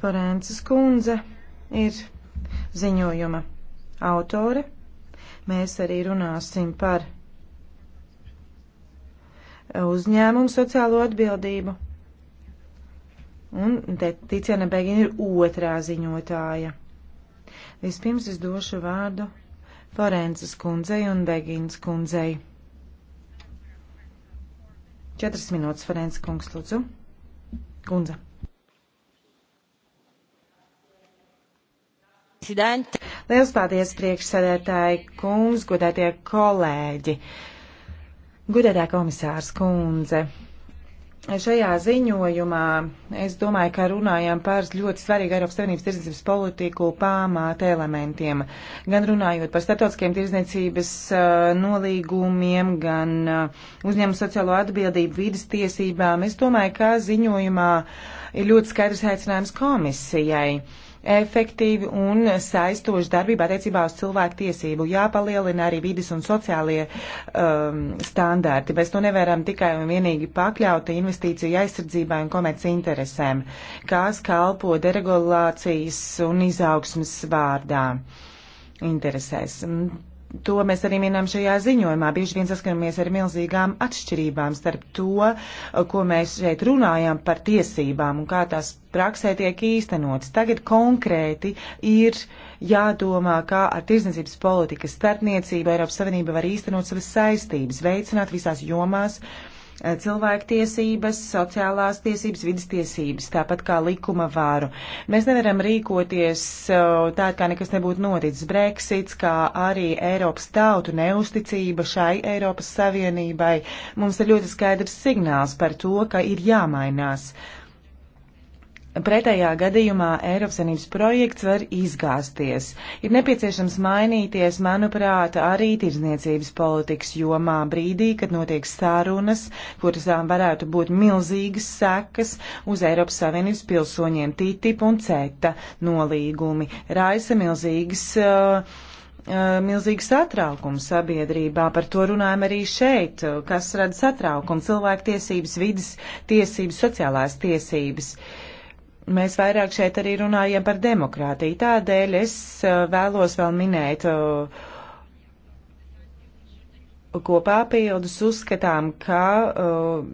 Forences kundze ir ziņojuma autore. Mēs arī runāsim par uzņēmumu sociālo atbildību. Un Ticiana Begina ir otrā ziņotāja. Vispirms es došu vārdu Forences kundzei un Begins kundzei. Četras minūtes, Forences kungs, lūdzu. Kundze. Liels paldies, priekšsēdētāji, kungs, godētie kolēģi, godētā komisārs kundze. Šajā ziņojumā es domāju, ka runājam par ļoti svarīgu Eiropas Savienības tirdzniecības politiku pamāta elementiem. Gan runājot par starptautiskiem tirdzniecības uh, nolīgumiem, gan uh, uzņēmumu sociālo atbildību, vidas tiesībām, es domāju, ka ziņojumā ir ļoti skaidrs aicinājums komisijai. Uh, efektīvi un saistoši darbība attiecībā uz cilvēku tiesību. Jāpalielina arī vidas un sociālie um, standarti. Mēs to nevaram tikai un vienīgi pakļaut investīciju aizsardzībai un komerci interesēm, kas kalpo deregulācijas un izaugsmas vārdā interesēs. To mēs arī minam šajā ziņojumā. Bieži vien saskaramies ar milzīgām atšķirībām starp to, ko mēs šeit runājam par tiesībām un kā tās praksē tiek īstenotas. Tagad konkrēti ir jādomā, kā ar tirdzniecības politikas starpniecību Eiropas Savienība var īstenot savas saistības, veicināt visās jomās uh, cilvēktiesības, sociālās tiesības, vidas tiesības, tāpat kā likuma vāru. Mēs nevaram rīkoties tā, kā nekas nebūtu noticis. Brexits, kā arī Eiropas tautu neusticība šai Eiropas Savienībai, mums ir ļoti skaidrs signāls par to, ka ir jāmainās. Uh, Pretējā gadījumā Eiropas Savienības projekts var izgāzties. Ir nepieciešams mainīties, manuprāt, arī tirzniecības politikas jomā brīdī, kad notiek sārunas, kurām varētu būt milzīgas sekas uz Eiropas Savienības pilsoņiem TTIP un CETA nolīgumi. Raisa milzīgas. Uh, uh milzīgs satraukums sabiedrībā. Par to runājam arī šeit, kas rada satraukumu cilvēktiesības, vidas tiesības, sociālās tiesības. Uh, mēs vairāk šeit arī runājam par demokrātiju. Tādēļ es eh, vēlos vēl minēt eh, kopā pildus uzskatām, ka eh,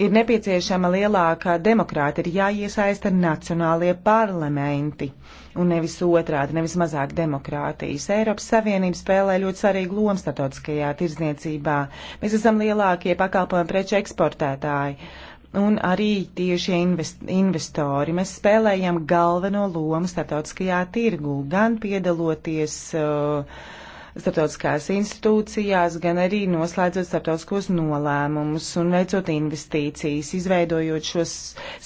ir nepieciešama lielākā demokrāta, ir jāiesaista nacionālie parlamenti un nevis otrādi, nevis mazāk demokrātijas. Eiropas Savienība spēlē ļoti svarīgu lomu starptautiskajā tirdzniecībā. Mēs esam lielākie pakalpojumu preču eksportētāji. Uh, un arī tieši invest, investori. Mēs spēlējam galveno lomu starptautiskajā tirgu, gan piedaloties uh, starptautiskās institūcijās, gan arī noslēdzot starptautiskos nolēmumus un veicot investīcijas, izveidojot šos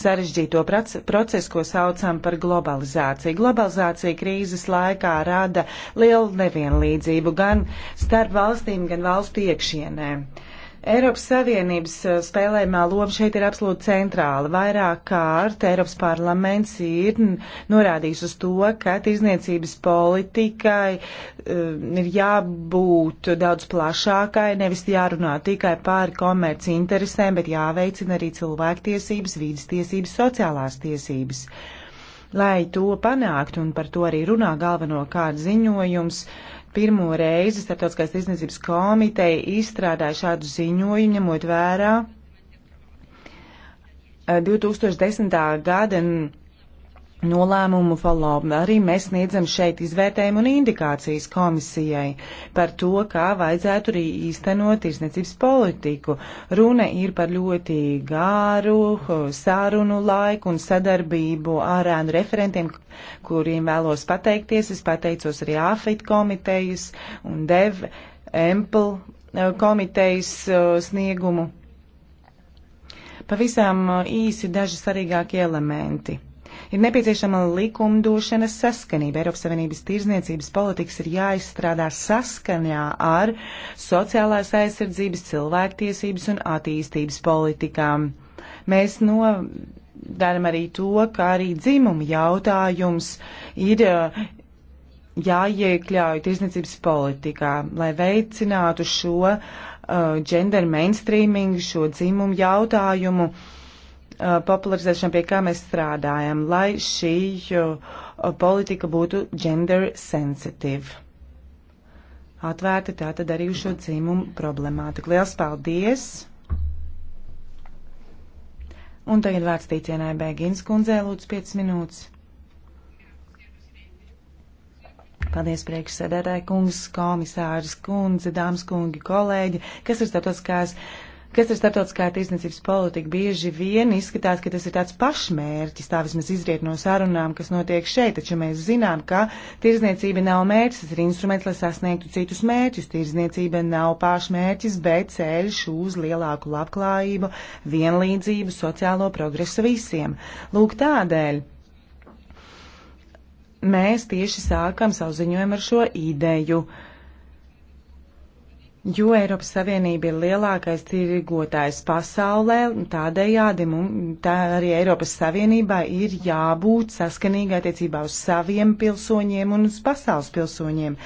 sarežģīto procesu, ko saucam par globalizāciju. Globalizācija krīzes laikā rada lielu nevienlīdzību gan starp valstīm, gan valstu iekšienē. Uh, Eiropas Savienības eh, spēlējumā loma šeit ir absolūti centrāla. Vairāk kārt Eiropas parlaments ir norādījis uz to, ka tirzniecības politikai um, ir jābūt daudz plašākai, nevis jārunā tikai par komerci interesēm, bet jāveicina arī cilvēktiesības, vīdas tiesības, sociālās tiesības. Lai to panāktu, un par to arī runā galvenokārt ziņojums, uh, Pirmo reizi Startautiskās tirdzniecības komiteja izstrādāja šādu ziņojumu, ņemot vērā 2010. Eh, gada nolēmumu follow. Arī mēs sniedzam šeit izvērtējumu un indikācijas komisijai par to, kā vajadzētu arī īstenot tirsniecības politiku. Runa ir par ļoti gāru sārunu laiku un sadarbību ar ēnu referentiem, kuriem vēlos pateikties. Es pateicos arī AFIT komitejas un DEV, EMPL eh, komitejas eh, sniegumu. Pavisam eh, īsi daži svarīgākie elementi Ir nepieciešama likumdošanas saskanība. Eiropas Savienības tirzniecības politikas ir jāizstrādā saskaņā ar sociālās aizsardzības, cilvēktiesības un attīstības politikām. Mēs no. Daram arī to, ka arī dzimuma jautājums ir uh, jāiekļauj tirzniecības politikā, lai veicinātu šo uh, gender mainstreaming, šo dzimumu jautājumu uh, Uh, popularizēšana, pie kā mēs strādājam, lai šī uh, politika būtu gender sensitive. Atvērti tātad arī uz šo dzīmumu problemātiku. Liels paldies! Un tagad vārds tīcienai Bēgins kundzē, lūdzu, 5 minūtes. Paldies priekšsēdētāji kungs, komisārs kundze, dāmas kungi, kolēģi, kas ir starptautiskās. Kās Kas ir starptautiskā tirsniecības politika? Bieži vien izskatās, ka tas ir tāds pašmērķis, tā vismaz izriet no sarunām, kas notiek šeit, taču mēs zinām, ka tirsniecība nav mērķis, tas ir instruments, lai sasniegtu citus mērķus. Tirsniecība nav pašmērķis, bet ceļš uz lielāku labklājību, vienlīdzību, sociālo progresu visiem. Lūk, tādēļ mēs tieši sākam savu ziņojumu ar šo ideju. Uh, Jo Eiropas Savienība ir lielākais tirgotājs pasaulē, tādējādi mums, tā arī Eiropas Savienībā ir jābūt saskanīgai attiecībā uz saviem pilsoņiem un uz pasaules pilsoņiem.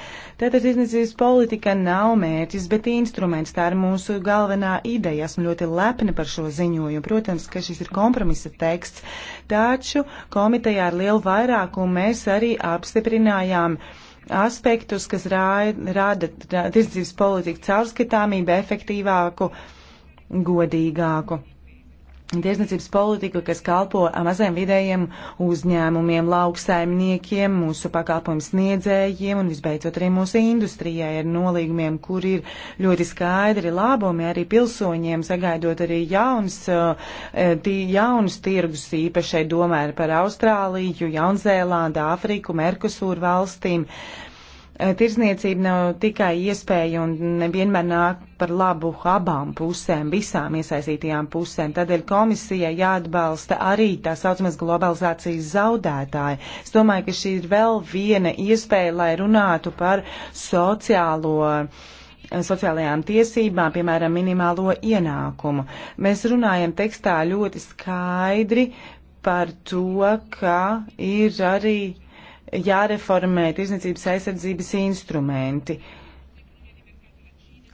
Tātad izniecības politika nav mērķis, bet instruments. Tā ir mūsu galvenā ideja. Esmu ļoti lepni par šo ziņojumu. Protams, ka šis ir kompromisa teksts, taču komitejā ar lielu vairākumu mēs arī apstiprinājām. Uh, aspektus, kas rāda tirdzniecības politiku caurskatāmību, efektīvāku, godīgāku. Tiesniecības politika, kas kalpo maziem vidējiem uzņēmumiem, lauksaimniekiem, mūsu pakalpojumu sniedzējiem un visbeidzot arī mūsu industrijai ar nolīgumiem, kur ir ļoti skaidri labumi arī pilsoņiem, sagaidot arī jauns, eh, tī, jaunus tirgus īpašai domē par Austrāliju, Jaunzēlāndu, Āfriku, Merkusūru valstīm. Uh, Eh, tirzniecība nav tikai iespēja un nevienmēr nāk par labu abām pusēm, visām iesaistītajām pusēm. Tādēļ komisijai jāatbalsta arī tā saucamās globalizācijas zaudētāji. Es domāju, ka šī ir vēl viena iespēja, lai runātu par sociālo eh, sociālajām tiesībām, piemēram, minimālo ienākumu. Mēs runājam tekstā ļoti skaidri par to, ka ir arī jāreformē tirzniecības aizsardzības instrumenti,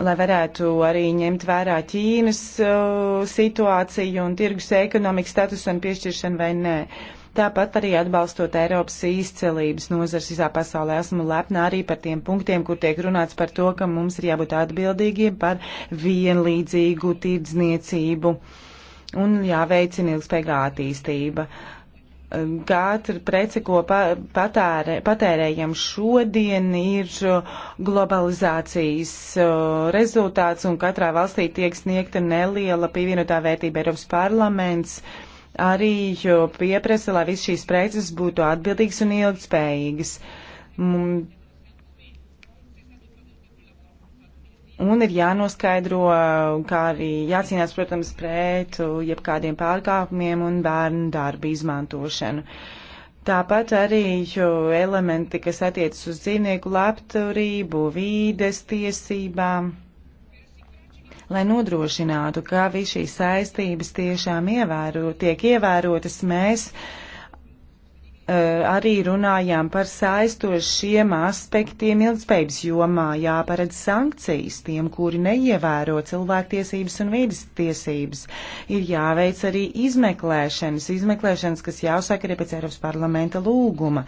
lai varētu arī ņemt vērā Ķīnas uh, situāciju un tirgus ekonomikas statusu un piešķiršanu vai nē. Tāpat arī atbalstot Eiropas izcelības nozars visā pasaulē. Esmu lepna arī par tiem punktiem, kur tiek runāts par to, ka mums ir jābūt atbildīgiem par vienlīdzīgu tirdzniecību un jāveicina ilgspējīga attīstība. Uh, katra prece, ko patērē, patērējam šodien, ir globalizācijas uh, rezultāts, un katrā valstī tiek sniegta neliela pievienotā vērtība. Eiropas parlaments arī uh, pieprasa, lai viss šīs preces būtu atbildīgas un ilgspējīgas. Un ir jānoskaidro, uh, kā arī jācīnās, protams, pret uh, jebkādiem pārkāpumiem un bērnu darbu izmantošanu. Tāpat arī uh, elementi, kas attiecas uz dzīvnieku labturību, vīdes tiesībām, lai nodrošinātu, ka visi šīs saistības tiešām ievēro, tiek ievērotas mēs. Uh, Eh, arī runājām par saistošiem aspektiem ilgspējības jomā, jāparedz sankcijas tiem, kuri neievēro cilvēktiesības un vīdas tiesības. Ir jāveic arī izmeklēšanas, izmeklēšanas, kas jāsaka arī pēc Eiropas parlamenta lūguma.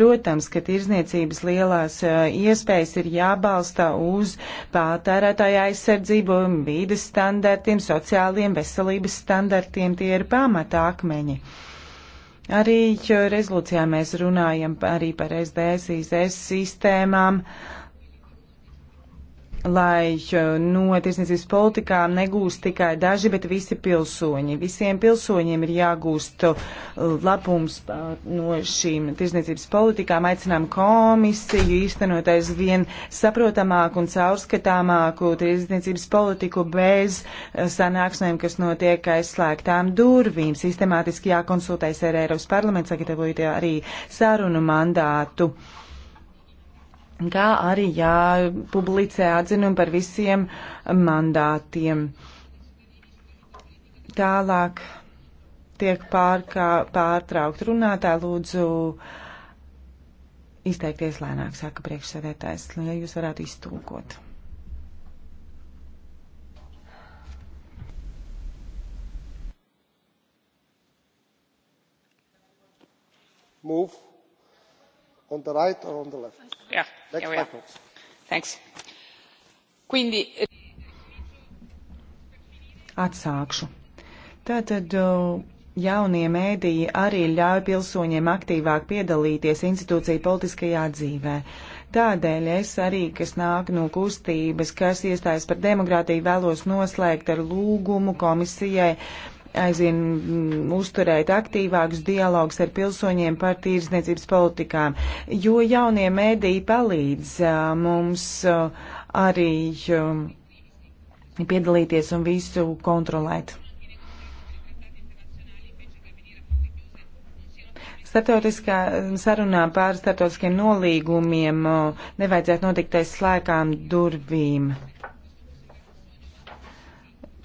Protams, ka tirzniecības lielās eh, iespējas ir jābalsta uz pātērētāja aizsardzību, vīdas standartiem, sociāliem veselības standartiem, tie ir pamata akmeņi. Arī rezolūcijā mēs runājam arī par SDS, IZS sistēmām. Uh, lai eh, no tirsniecības politikām negūst tikai daži, bet visi pilsoņi. Visiem pilsoņiem ir jāgūst eh, labums eh, no šīm tirsniecības politikām. Aicinām komisiju īstenot aizvien saprotamāku un caurskatāmāku tirsniecības politiku bez sanāksmēm, kas notiek aizslēgtām durvīm. Sistemātiski jākonsultējas ar Eiropas parlamentu, sagatavojot arī sarunu mandātu. Thank you kā arī jāpublicē atzinumi par visiem mandātiem. Tālāk tiek pārkā, pārtraukt runātāji, lūdzu izteikties lēnāk, saka priekšsēdētājs, lai jūs varētu iztūkot. Move on the right or on the left. Yeah, Next yeah, yeah. Thanks. Quindi... Atsākšu. Tātad jaunie mēdīji arī ļauj pilsoņiem aktīvāk piedalīties institūciju politiskajā dzīvē. Tādēļ es arī, kas nāk no kustības, kas iestājas par demokrātiju, vēlos noslēgt ar lūgumu komisijai aizvien mm, uzturēt aktīvākus dialogus ar pilsoņiem par tīrzniecības politikām, jo jaunie mēdīji palīdz mums arī piedalīties un visu kontrolēt. Startautiskā sarunā pār startautiskiem nolīgumiem nevajadzētu notikt aiz slēgām durvīm.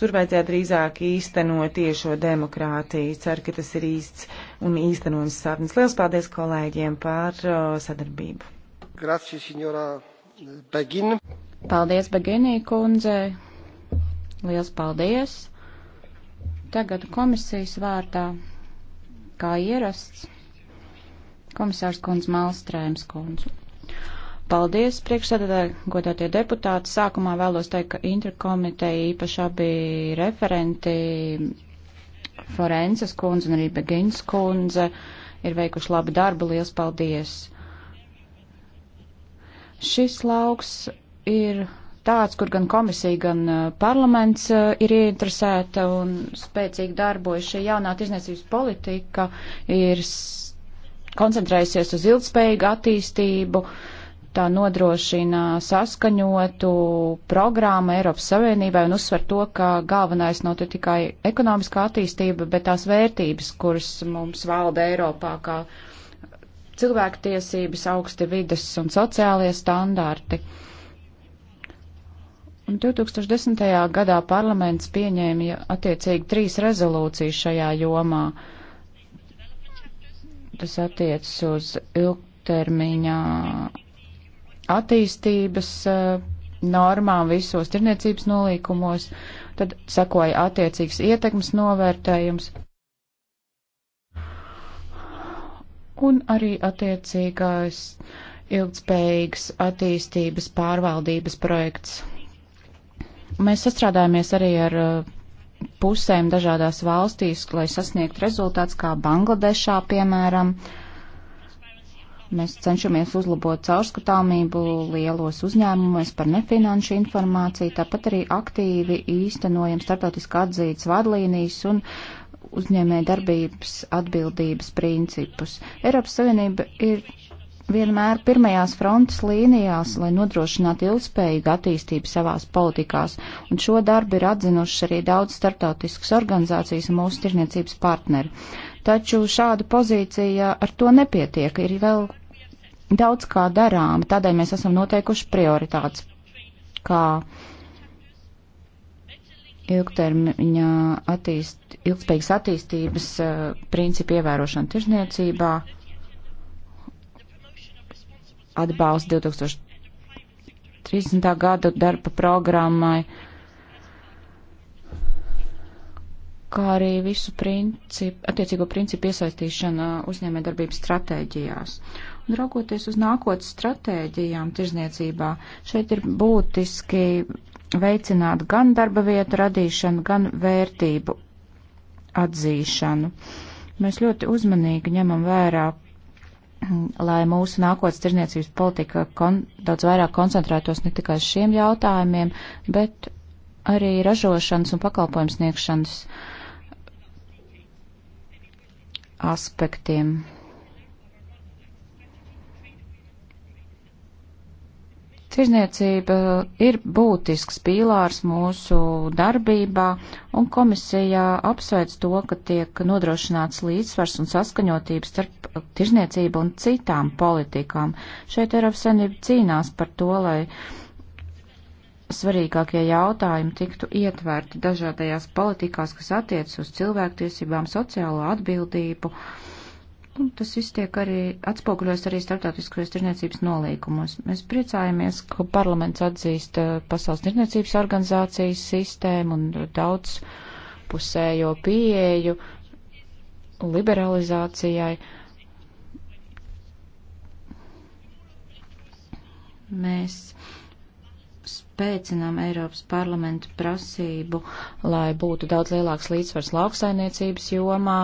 Tur vajadzētu drīzāk īstenot tiešo demokrātiju. Ceru, ka tas ir īsts un īstenojams sapnis. Lielas paldies kolēģiem par o, uh, sadarbību. Grazie, signora Begin. Paldies, Beginī kundze. Lielas paldies. Tagad komisijas vārdā, kā ierasts, komisārs kundze Malstrēms kundze. Paldies, priekšsēdētāji, godātie deputāti. Sākumā vēlos teikt, ka interkomiteja īpaši abi referenti, Forences kundze un arī Begins kundze, ir veikuši labu darbu. Liels paldies! Šis lauks ir tāds, kur gan komisija, gan uh, parlaments uh, ir ieinteresēta un spēcīgi darbojas. Šī jaunā tirzniecības politika ir koncentrējusies uz ilgspējīgu attīstību. Uh, Tā nodrošina saskaņotu programmu Eiropas Savienībai un uzsver to, ka galvenais nav tikai ekonomiskā attīstība, bet tās vērtības, kuras mums valda Eiropā, kā cilvēktiesības, augsti vidas un sociālie standarti. Un 2010. gadā parlaments pieņēma attiecīgi trīs rezolūcijas šajā jomā. Tas attiecas uz ilgtermiņā attīstības eh, normām visos tirniecības nolīkumos, tad sekoja attiecīgs ietekmes novērtējums un arī attiecīgais ilgspējīgas attīstības pārvaldības projekts. Mēs sastrādājamies arī ar eh, pusēm dažādās valstīs, lai sasniegtu rezultāts, kā Bangladešā, piemēram, uh, Mēs cenšamies uzlabot caurskatāmību lielos uzņēmumos par nefinanšu informāciju, tāpat arī aktīvi īstenojam starptautiski atzītas vadlīnijas un uzņēmē darbības atbildības principus. Eiropas Savienība ir vienmēr pirmajās frontes līnijās, lai nodrošinātu ilgspējīgu attīstību savās politikās, un šo darbu ir atzinušas arī daudz startautiskas organizācijas un mūsu tirniecības partneri. Taču šāda pozīcija ar to nepietiek, ir vēl daudz kā darām, tādēļ mēs esam noteikuši prioritātes, kā ilgtermiņā attīst, ilgspējīgas attīstības eh, principu ievērošana tirzniecībā, atbalsts 2030. gada darba programmai, kā arī visu principu, attiecīgo principu iesaistīšana uzņēmē darbības stratēģijās. Raugoties uz nākotnes stratēģijām tirzniecībā, šeit ir būtiski veicināt gan darba vietu radīšanu, gan vērtību atzīšanu. Mēs ļoti uzmanīgi ņemam vērā, lai mūsu nākotnes tirzniecības politika kon, daudz vairāk koncentrētos ne tikai uz šiem jautājumiem, bet arī ražošanas un pakalpojums sniegšanas aspektiem. Tirzniecība ir būtisks pīlārs mūsu darbībā, un komisija apsveic to, ka tiek nodrošināts līdzsvars un saskaņotības starp tirzniecību un citām politikām. Šeit Eiropas Savienība cīnās par to, lai svarīgākie jautājumi tiktu ietverti dažādajās politikās, kas attiec uz cilvēktiesībām, sociālo atbildību. Uh, Un tas viss tiek arī atspoguļojas arī starptautiskajos tirniecības nolīkumos. Mēs priecājamies, ka parlaments atzīst eh, Pasaules tirniecības organizācijas sistēmu un daudz pusējo pieeju liberalizācijai. Mēs spēcinām Eiropas parlamentu prasību, lai būtu daudz lielāks līdzsvars lauksainiecības jomā,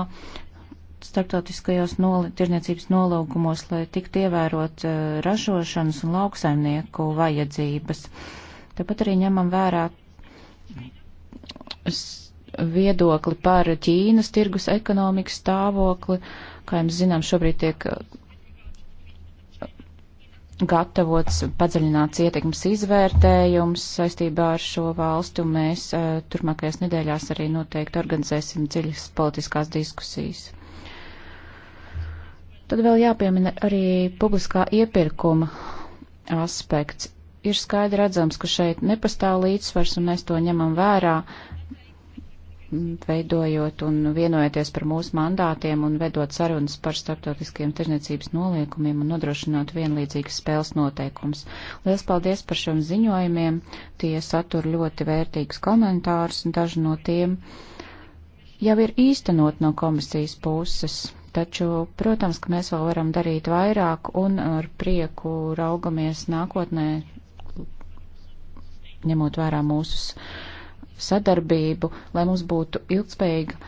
starptautiskajos nol tirniecības nolaukumos, lai tiktu ievērot uh, ražošanas un lauksaimnieku vajadzības. Tāpat arī ņemam vērā viedokli par Ķīnas tirgus ekonomikas stāvokli. Kā jums zinām, šobrīd tiek eh, gatavots padziļināts ietekmes izvērtējums saistībā ar šo valstu. Mēs eh, turpmākajās nedēļās arī noteikti organizēsim dziļas politiskās diskusijas. Tad vēl jāpiemina arī publiskā iepirkuma aspekts. Ir skaidri redzams, ka šeit nepastāv līdzsvars, un mēs to ņemam vērā, veidojot un vienojoties par mūsu mandātiem un vedot sarunas par starptautiskiem tirniecības noliekumiem un nodrošinot vienlīdzīgas spēles noteikums. Lielas paldies par šiem ziņojumiem, tie satur ļoti vērtīgus komentārus, un daži no tiem jau ir īstenot no komisijas puses Taču, protams, ka mēs vēl varam darīt vairāk un ar prieku raugamies nākotnē, ņemot vērā mūsu sadarbību, lai mums būtu ilgspējīga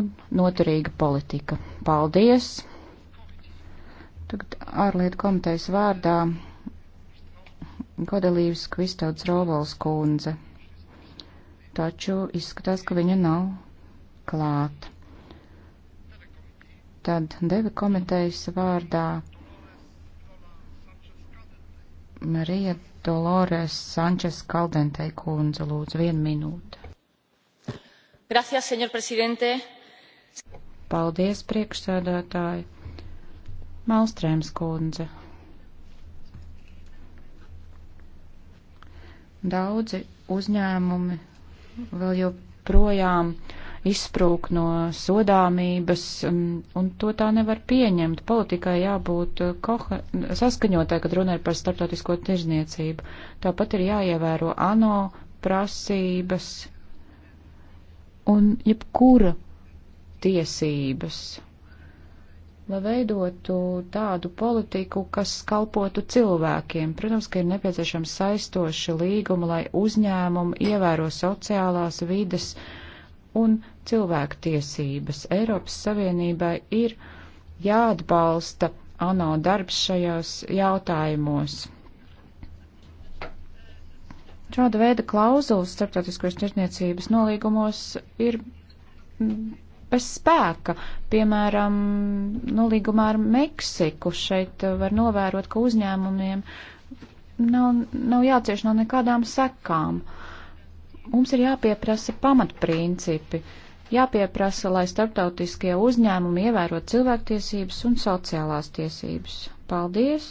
un noturīga politika. Paldies! Tagad ārlietu komitejas vārdā Godelīvs Kvistauts Rovols kundze. Taču izskatās, ka viņa nav klāta tad deva komitejas vārdā Marija Dolores Sančes Kaldentei kundze lūdzu vienu minūtu. Gracias, señor presidente. Paldies, priekšsēdētāji. Malstrēms kundze. Daudzi uzņēmumi vēl joprojām uh, izsprūk no sodāmības, um, un to tā nevar pieņemt. Politikai jābūt uh, koha, saskaņotai, kad runa ir par starptautisko tirzniecību. Tāpat ir jāievēro ANO prasības un jebkura tiesības, lai veidotu tādu politiku, kas kalpotu cilvēkiem. Protams, ka ir nepieciešams saistoši līgumi, lai uzņēmumi ievēro sociālās vides un cilvēktiesības. Eiropas Savienībai ir jāatbalsta ANO darbs šajos jautājumos. Šāda veida klauzulas starptautiskos tirdzniecības nolīgumos ir bez spēka. Piemēram, nolīgumā ar Meksiku šeit var novērot, ka uzņēmumiem nav, nav jācieš no nekādām sekām. Mums ir jāpieprasa pamatprincipi. Uh, jāpieprasa, lai starptautiskie uzņēmumi ievērot cilvēktiesības un sociālās tiesības. Paldies!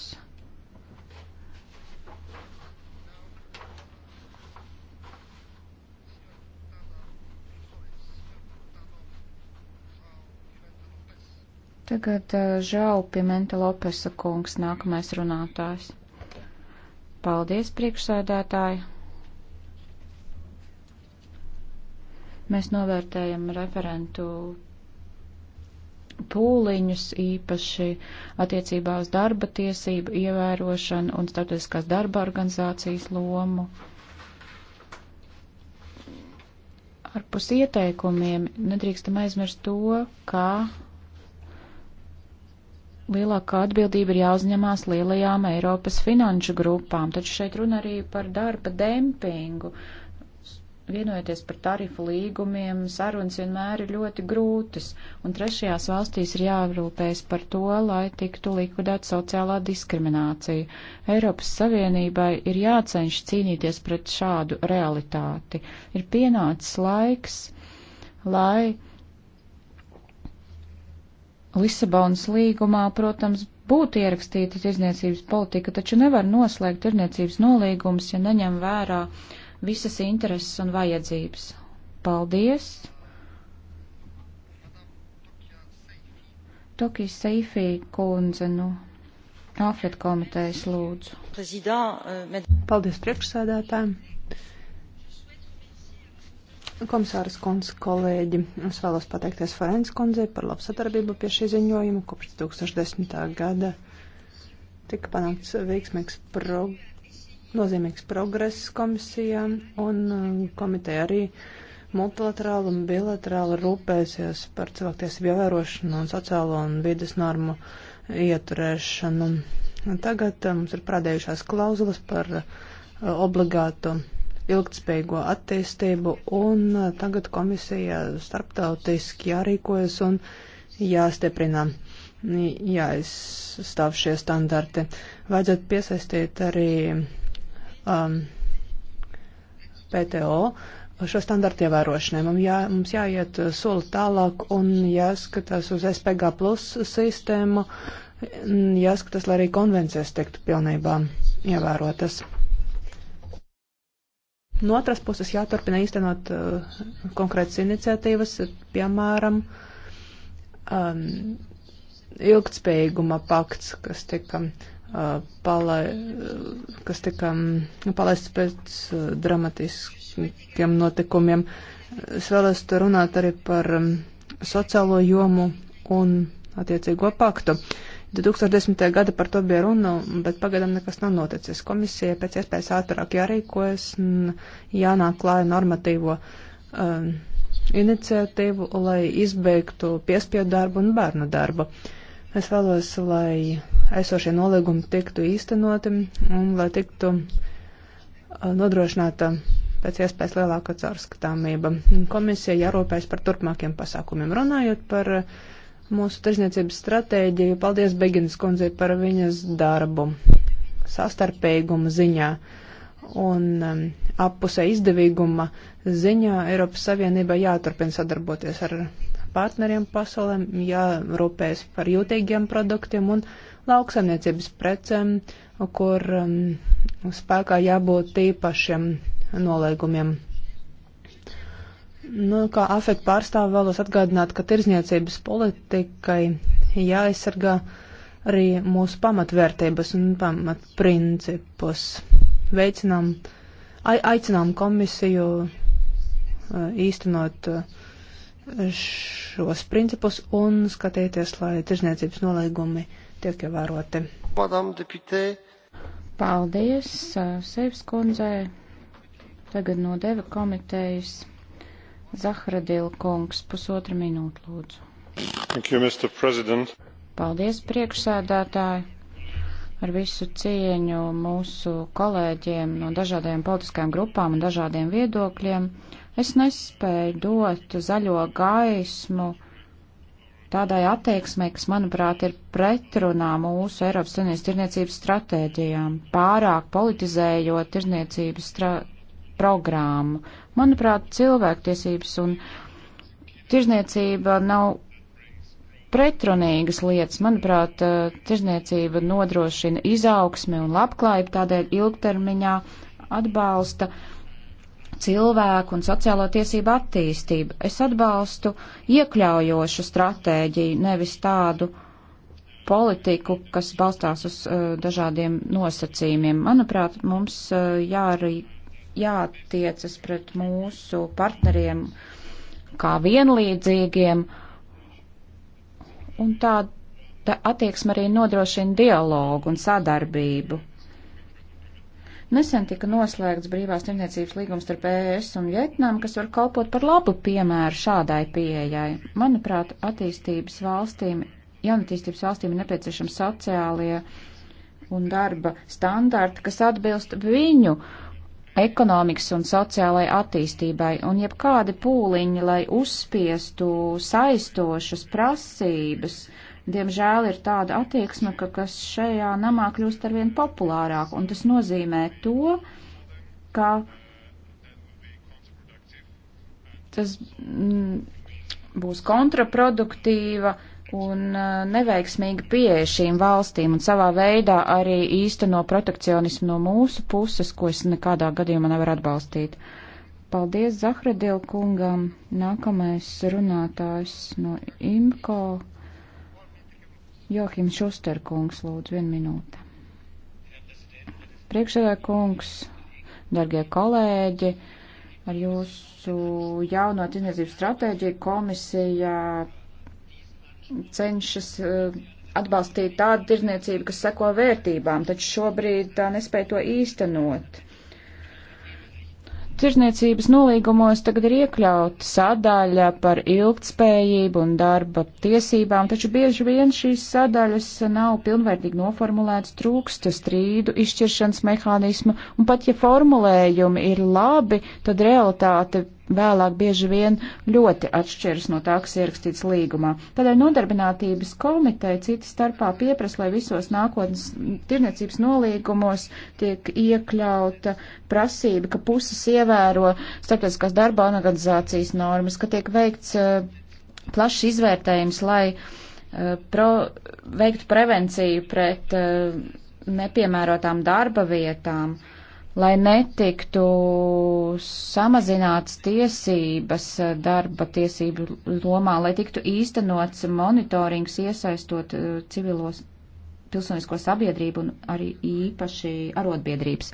Tagad uh, Žau Pimenta Lopesa kungs nākamais runātājs. Paldies, priekšsēdētāji! Mēs novērtējam referentu pūliņus īpaši attiecībā uz darba tiesību ievērošanu un starptautiskās darba organizācijas lomu. Ar pus ieteikumiem nedrīkstam aizmirst to, ka lielākā atbildība ir jāuzņemās lielajām Eiropas finanšu grupām, taču šeit runa arī par darba dempingu. Uh, vienojoties par tarifu līgumiem, sarunas vienmēr ir ļoti grūtas, un trešajās valstīs ir jārūpējas par to, lai tiktu likvidēta sociālā diskriminācija. Eiropas Savienībai ir jāceņš cīnīties pret šādu realitāti. Ir pienācis laiks, lai Lisabonas līgumā, protams, būtu ierakstīta tirdzniecības politika, taču nevar noslēgt tirdzniecības nolīgums, ja neņem vērā uh, visas intereses un vajadzības. Paldies! Tokijas Seifī kundze no nu, Āfrika komitejas lūdzu. Paldies priekšsēdētājiem! Komisāras kundze, kolēģi, es vēlos pateikties Forens kundzei par labu sadarbību pie šī ziņojuma. Kopš 2010. gada tika panākts veiksmīgs progress nozīmīgs progress komisijā un um, komiteja arī multilaterāli un bilaterāli rūpēsies par cilvēktiesību ievērošanu un sociālo un vidas normu ieturēšanu. Tagad um, mums ir parādējušās klauzulas par uh, obligātu ilgtspējīgo attīstību, un uh, tagad komisija starptautiski jārīkojas un jāstiprina, jāizstāv šie standarti. Vajadzētu piesaistīt arī um, PTO šo standartu ievērošanai. Mums, jā, mums jāiet uh, soli tālāk un jāskatās uz SPG plus sistēmu, jāskatās, lai arī konvencijas tiktu pilnībā ievērotas. No otras puses jāturpina īstenot uh, konkrētas iniciatīvas, piemēram, um, ilgtspējīguma pakts, kas tika uh, palai, kas tika palaists pēc dramatiskiem notikumiem. Es vēlos runāt arī par sociālo jomu un attiecīgo paktu. 2010. gada par to bija runa, bet pagaidām nekas nav noticis. Komisija pēc iespējas ātrāk jārīkojas un jānāk klāja normatīvo um, iniciatīvu, lai izbeigtu piespiedu darbu un bērnu darbu. Uh, Es vēlos, lai esošie nolīgumi tiktu īstenoti un lai tiktu uh, nodrošināta pēc iespējas lielāka caurskatāmība. Komisija jārūpējas par turpmākiem pasākumiem. Runājot par uh, mūsu tirzniecības stratēģiju, paldies Beginas kundzei par viņas darbu sastarpējuma ziņā un um, appusē izdevīguma ziņā Eiropas Savienībai jāturpina sadarboties ar partneriem pasaulē, jārūpējas par jūtīgiem produktiem un lauksaimniecības precēm, kur um, spēkā jābūt īpašiem nolaigumiem. Nu, kā afekta pārstāv vēlos atgādināt, ka tirzniecības politikai jāaizsargā arī mūsu pamatvērtības un pamatprincipus. Veicinām, aicinām komisiju uh, īstenot uh, šos principus un skatīties, lai tirzniecības nolaigumi tiek ievēroti. Paldies, uh, Seivs kundzei. Tagad no deva komitejas Zahradila kungs pusotra minūte lūdzu. Thank you, Mr. President. Paldies, priekšsēdētāji ar visu cieņu mūsu kolēģiem no dažādajām politiskajām grupām un dažādiem viedokļiem. Es nespēju dot zaļo gaismu tādai attieksmei, kas, manuprāt, ir pretrunā mūsu Eiropas Savienības tirniecības stratēģijām, pārāk politizējot tirniecības programmu. Manuprāt, cilvēktiesības un tirzniecība nav pretrunīgas lietas. Manuprāt, eh, tirzniecība nodrošina izaugsmi un labklājību, tādēļ ilgtermiņā atbalsta uh, cilvēku un sociālo tiesību attīstību. Es atbalstu iekļaujošu stratēģiju, nevis tādu politiku, kas balstās uz uh, dažādiem nosacījumiem. Manuprāt, mums uh, jārī, jātiecas pret mūsu partneriem kā vienlīdzīgiem, un tāda attieksme arī nodrošina dialogu un sadarbību. Nesen tika noslēgts brīvās tirdzniecības līgums starp ES un Vietnamu, kas var kalpot par labu piemēru šādai pieejai. Manuprāt, attīstības valstīm, jaunatīstības valstīm ir nepieciešams sociālie un darba standarti, kas atbilst viņu ekonomikas un sociālai attīstībai, un jebkādi pūliņi, lai uzspiestu saistošas prasības, uh, Diemžēl ir tāda attieksme, ka kas šajā namā kļūst arvien populārāk, un tas nozīmē to, ka tas mm, būs kontraproduktīva un eh, neveiksmīga pieeja šīm valstīm un savā veidā arī īsteno protekcionismu no mūsu puses, ko es nekādā gadījumā nevaru atbalstīt. Paldies Zahradil kungam. Nākamais runātājs no IMCO Johim Šusterkungs, lūdzu, vienu minūte. Priekšsēdē kungs, dargie kolēģi, ar jūsu jauno tirdzniecības stratēģiju komisija cenšas eh, atbalstīt tādu tirdzniecību, kas seko vērtībām, taču šobrīd tā nespēja to īstenot. Tirzniecības nolīgumos tagad ir iekļauta sadaļa par ilgtspējību un darba tiesībām, taču bieži vien šīs sadaļas nav pilnvērtīgi noformulētas, trūksta strīdu izšķiršanas mehānismu, un pat ja formulējumi ir labi, tad realitāte vēlāk bieži vien ļoti atšķiras no tā, kas ierakstīts līgumā. Tādēļ nodarbinātības komiteja citi starpā pieprasa, lai visos nākotnes tirniecības nolīgumos tiek iekļauta prasība, ka puses ievēro starptautiskās darba organizācijas normas, ka tiek veikts uh, plašs izvērtējums, lai uh, pro, veiktu prevenciju pret uh, nepiemērotām darba vietām. Uh, lai netiktu samazināts tiesības eh, darba tiesību lomā, lai tiktu īstenots monitorings iesaistot eh, civilos pilsonisko sabiedrību un arī īpaši arotbiedrības.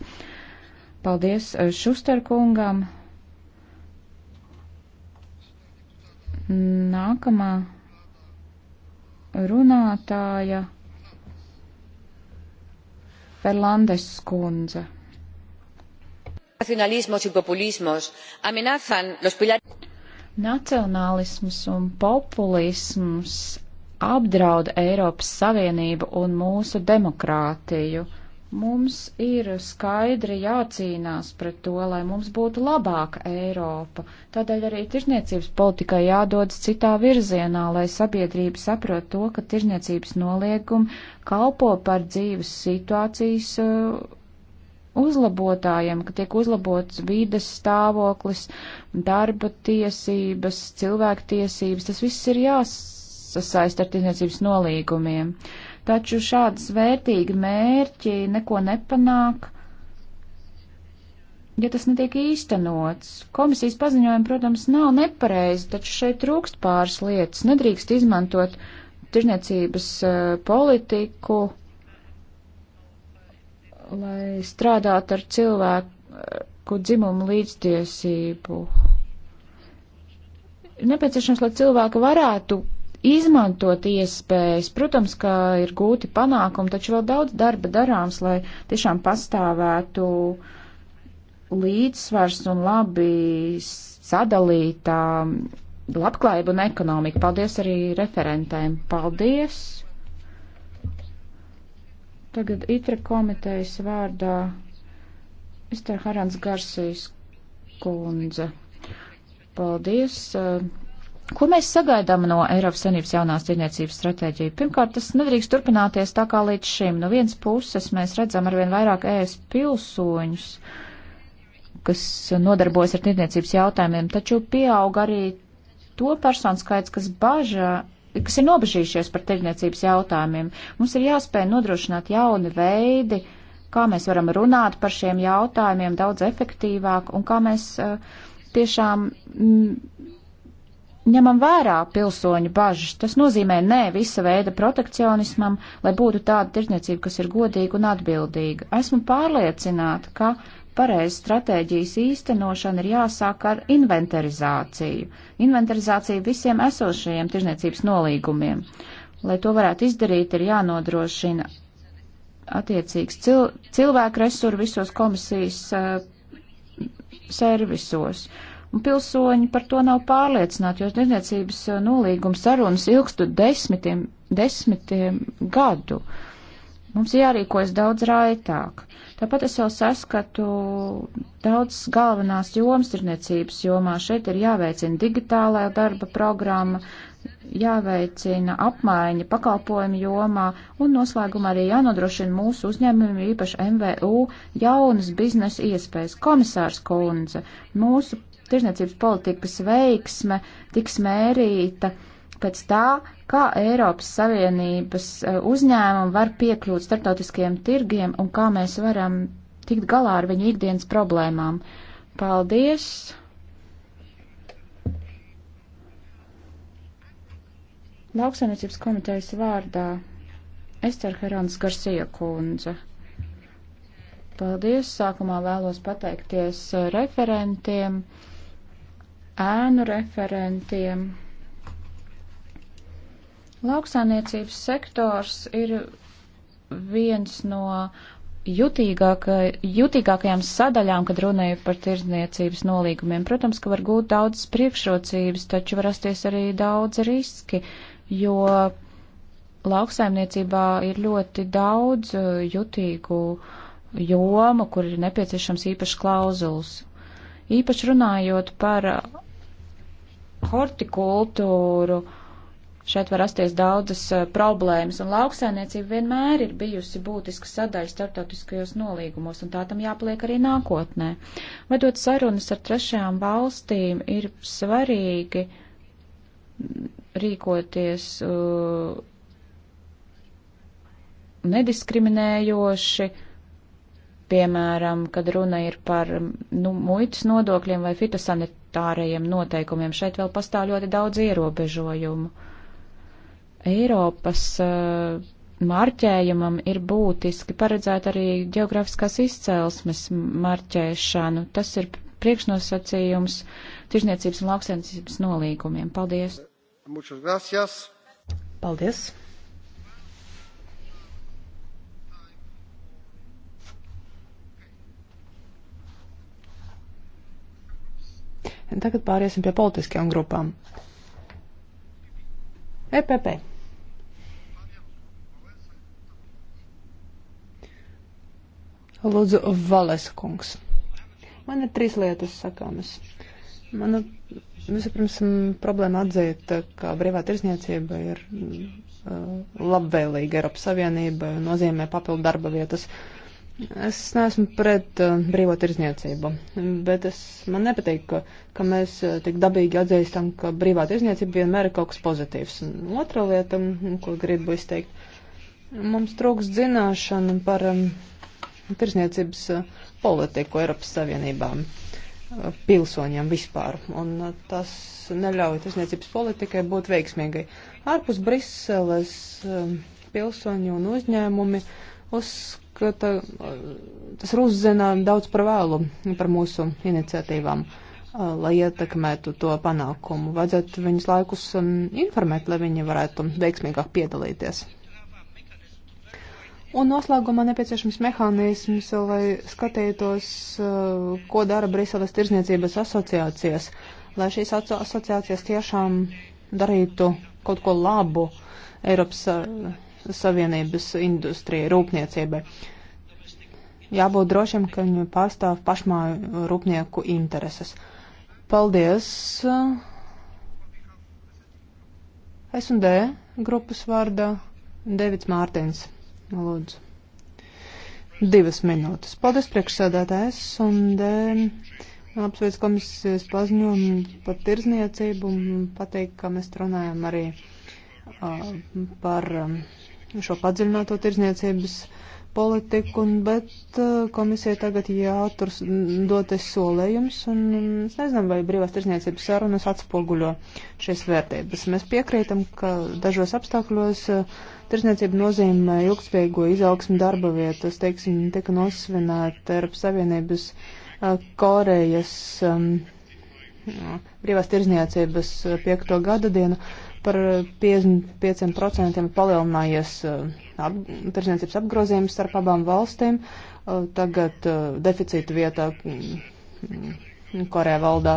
Paldies eh, Šusterkungam. Nākamā runātāja Ferlandes skundze. Nacionalismos un populismos amenazan los pilares. Nacionālisms un populisms apdraud Eiropas Savienību un mūsu demokrātiju. Mums ir skaidri jācīnās pret to, lai mums būtu labāka Eiropa. Tādēļ arī tirzniecības politikai jādodas citā virzienā, lai sabiedrība saprot to, ka tirzniecības noliegumi kalpo par dzīves situācijas uh, uzlabotājiem, ka tiek uzlabots vides stāvoklis, darba tiesības, cilvēktiesības, tas viss ir jāsasaist ar tirdzniecības nolīgumiem. Taču šādas vērtīgi mērķi neko nepanāk, ja tas netiek īstenots. Komisijas paziņojumi, protams, nav nepareizi, taču šeit trūkst pāris lietas. Nedrīkst izmantot tirdzniecības uh, politiku lai strādātu ar cilvēku dzimumu līdztiesību. Nepieciešams, lai cilvēki varētu izmantot iespējas. Protams, ka ir gūti panākumi, taču vēl daudz darba darāms, lai tiešām pastāvētu līdzsvars un labi sadalītā labklājība un ekonomika. Paldies arī referentēm. Paldies! Tagad itra komitejas vārdā Mr. Harans Garsīs kundze. Paldies. Eh, ko mēs sagaidām no Eiropas Savienības jaunās tirniecības stratēģija? Pirmkārt, tas nedrīkst turpināties tā kā līdz šim. No vienas puses mēs redzam arvien vairāk ES pilsoņus, kas nodarbojas ar tirniecības jautājumiem, taču pieaug arī to personu skaits, kas bažā kas ir nobežījušies par tirdzniecības jautājumiem. Mums ir jāspēj nodrošināt jauni veidi, kā mēs varam runāt par šiem jautājumiem daudz efektīvāk un kā mēs eh, tiešām mm, ņemam vērā pilsoņu bažas. Tas nozīmē nē visa veida protekcionismam, lai būtu tāda tirdzniecība, kas ir godīga un atbildīga. Esmu pārliecināta, ka pareizi stratēģijas īstenošana ir jāsāk ar inventarizāciju. Inventarizāciju visiem esošajiem tirzniecības nolīgumiem. Lai to varētu izdarīt, ir jānodrošina attiecīgs cil cilvēku resursu visos komisijas uh, servisos. Un pilsoņi par to nav pārliecināti, jo tirzniecības eh, nolīgums sarunas ilgstu desmitiem, desmitiem gadu. Uh, Mums jārīkojas daudz raitāk. Tāpat es jau saskatu daudz galvenās jomas tirniecības jomā. Šeit ir jāveicina digitālā darba programma, jāveicina apmaiņa pakalpojumu jomā un noslēgumā arī jānodrošina mūsu uzņēmumiem, īpaši MVU, jaunas biznesa iespējas. Komisārs Kunze, mūsu tirzniecības politikas veiksme tiks mērīta pēc tā, kā Eiropas Savienības eh, uzņēmumi var piekļūt starptautiskiem tirgiem un kā mēs varam tikt galā ar viņu ikdienas problēmām. Paldies! Lauksaimniecības komitejas vārdā Ester Herons Garcia kundze. Paldies! Sākumā vēlos pateikties eh, referentiem, ēnu referentiem Lauksaimniecības sektors ir viens no jutīgāka, jutīgākajām sadaļām, kad runēju par tirzniecības nolīgumiem. Protams, ka var gūt daudzas priekšrocības, taču var rasties arī daudz riski, jo lauksaimniecībā ir ļoti daudz uh, jutīgu jomu, kur ir nepieciešams īpašs klauzuls. Īpaši runājot par hortikultūru, uh, Šeit var rasties daudzas eh, problēmas, un lauksainiecība vienmēr ir bijusi būtiska sadaļa starptautiskajos nolīgumos, un tā tam jāpaliek arī nākotnē. Vedot sarunas ar trešajām valstīm, ir svarīgi mm, rīkoties uh, nediskriminējoši, piemēram, kad runa ir par nu, muitas nodokļiem vai fitosanitārajiem noteikumiem. Šeit vēl pastāv ļoti daudz ierobežojumu. Eiropas uh, marķējumam ir būtiski paredzēt arī geogrāfiskās izcelsmes marķēšanu. Tas ir priekšnosacījums tirzniecības un lauksainicības nolīgumiem. Paldies! Paldies! Tagad pāriesim pie politiskajām grupām. EPP. Lūdzu, Vales kungs. Man ir trīs lietas sakāmas. Man vispirms mm, problēma atzīt, ka brīvā tirsniecība ir mm, labvēlīga Eiropas Savienība, nozīmē papildu darba vietas. Es neesmu pret uh, brīvo tirzniecību, bet es, man nepatīk, ka, ka mēs uh, tik dabīgi atzīstam, ka brīvā tirzniecība vienmēr ir kaut kas pozitīvs. Un otra lieta, ko gribu izteikt, mums trūks zināšana par um, tirsniecības eh, politiku Eiropas Savienībām eh, pilsoņiem vispār, un eh, tas neļauj tirsniecības politikai būt veiksmīgai. Ārpus Briseles pilsoņi un uzņēmumi uzskata, tas ir uzzina daudz par vēlu par mūsu iniciatīvām lai ietekmētu to panākumu. Vajadzētu viņus laikus informēt, lai viņi varētu veiksmīgāk piedalīties. Un noslēgumā nepieciešams mehānisms, lai skatītos, eh, ko dara Briseles tirzniecības asociācijas, lai šīs asociācijas tiešām darītu kaut ko labu Eiropas eh, Savienības industrijai, rūpniecībai. Jābūt drošiem, ka viņi pārstāv pašmāju rūpnieku intereses. Paldies! Eh, S&D grupas vārdā Devits Mārtins. Nu, lūdzu. Divas minūtes. Paldies priekšsēdētājs un apsveic komisijas paziņojumu par tirzniecību un pateikt, ka mēs runājam arī uh, par. Um, šo padziļināto tirzniecības politiku, un, bet uh, komisija tagad jātur doties solējums, un es nezinu, vai brīvās tirzniecības sarunas atspoguļo šīs vērtības. Mēs piekrītam, ka dažos apstākļos uh, tirzniecība nozīmē ilgspējīgo izaugsmu darba vietas, teiksim, tika nosvinēta Eiropas Savienības uh, Korejas um, brīvās tirzniecības piekto gada dienu. Uh, par 55% eh, palielinājies eh, ap, tirsniecības apgrozījums starp abām valstīm. Eh, tagad deficīta vietā mm, Korejā valdā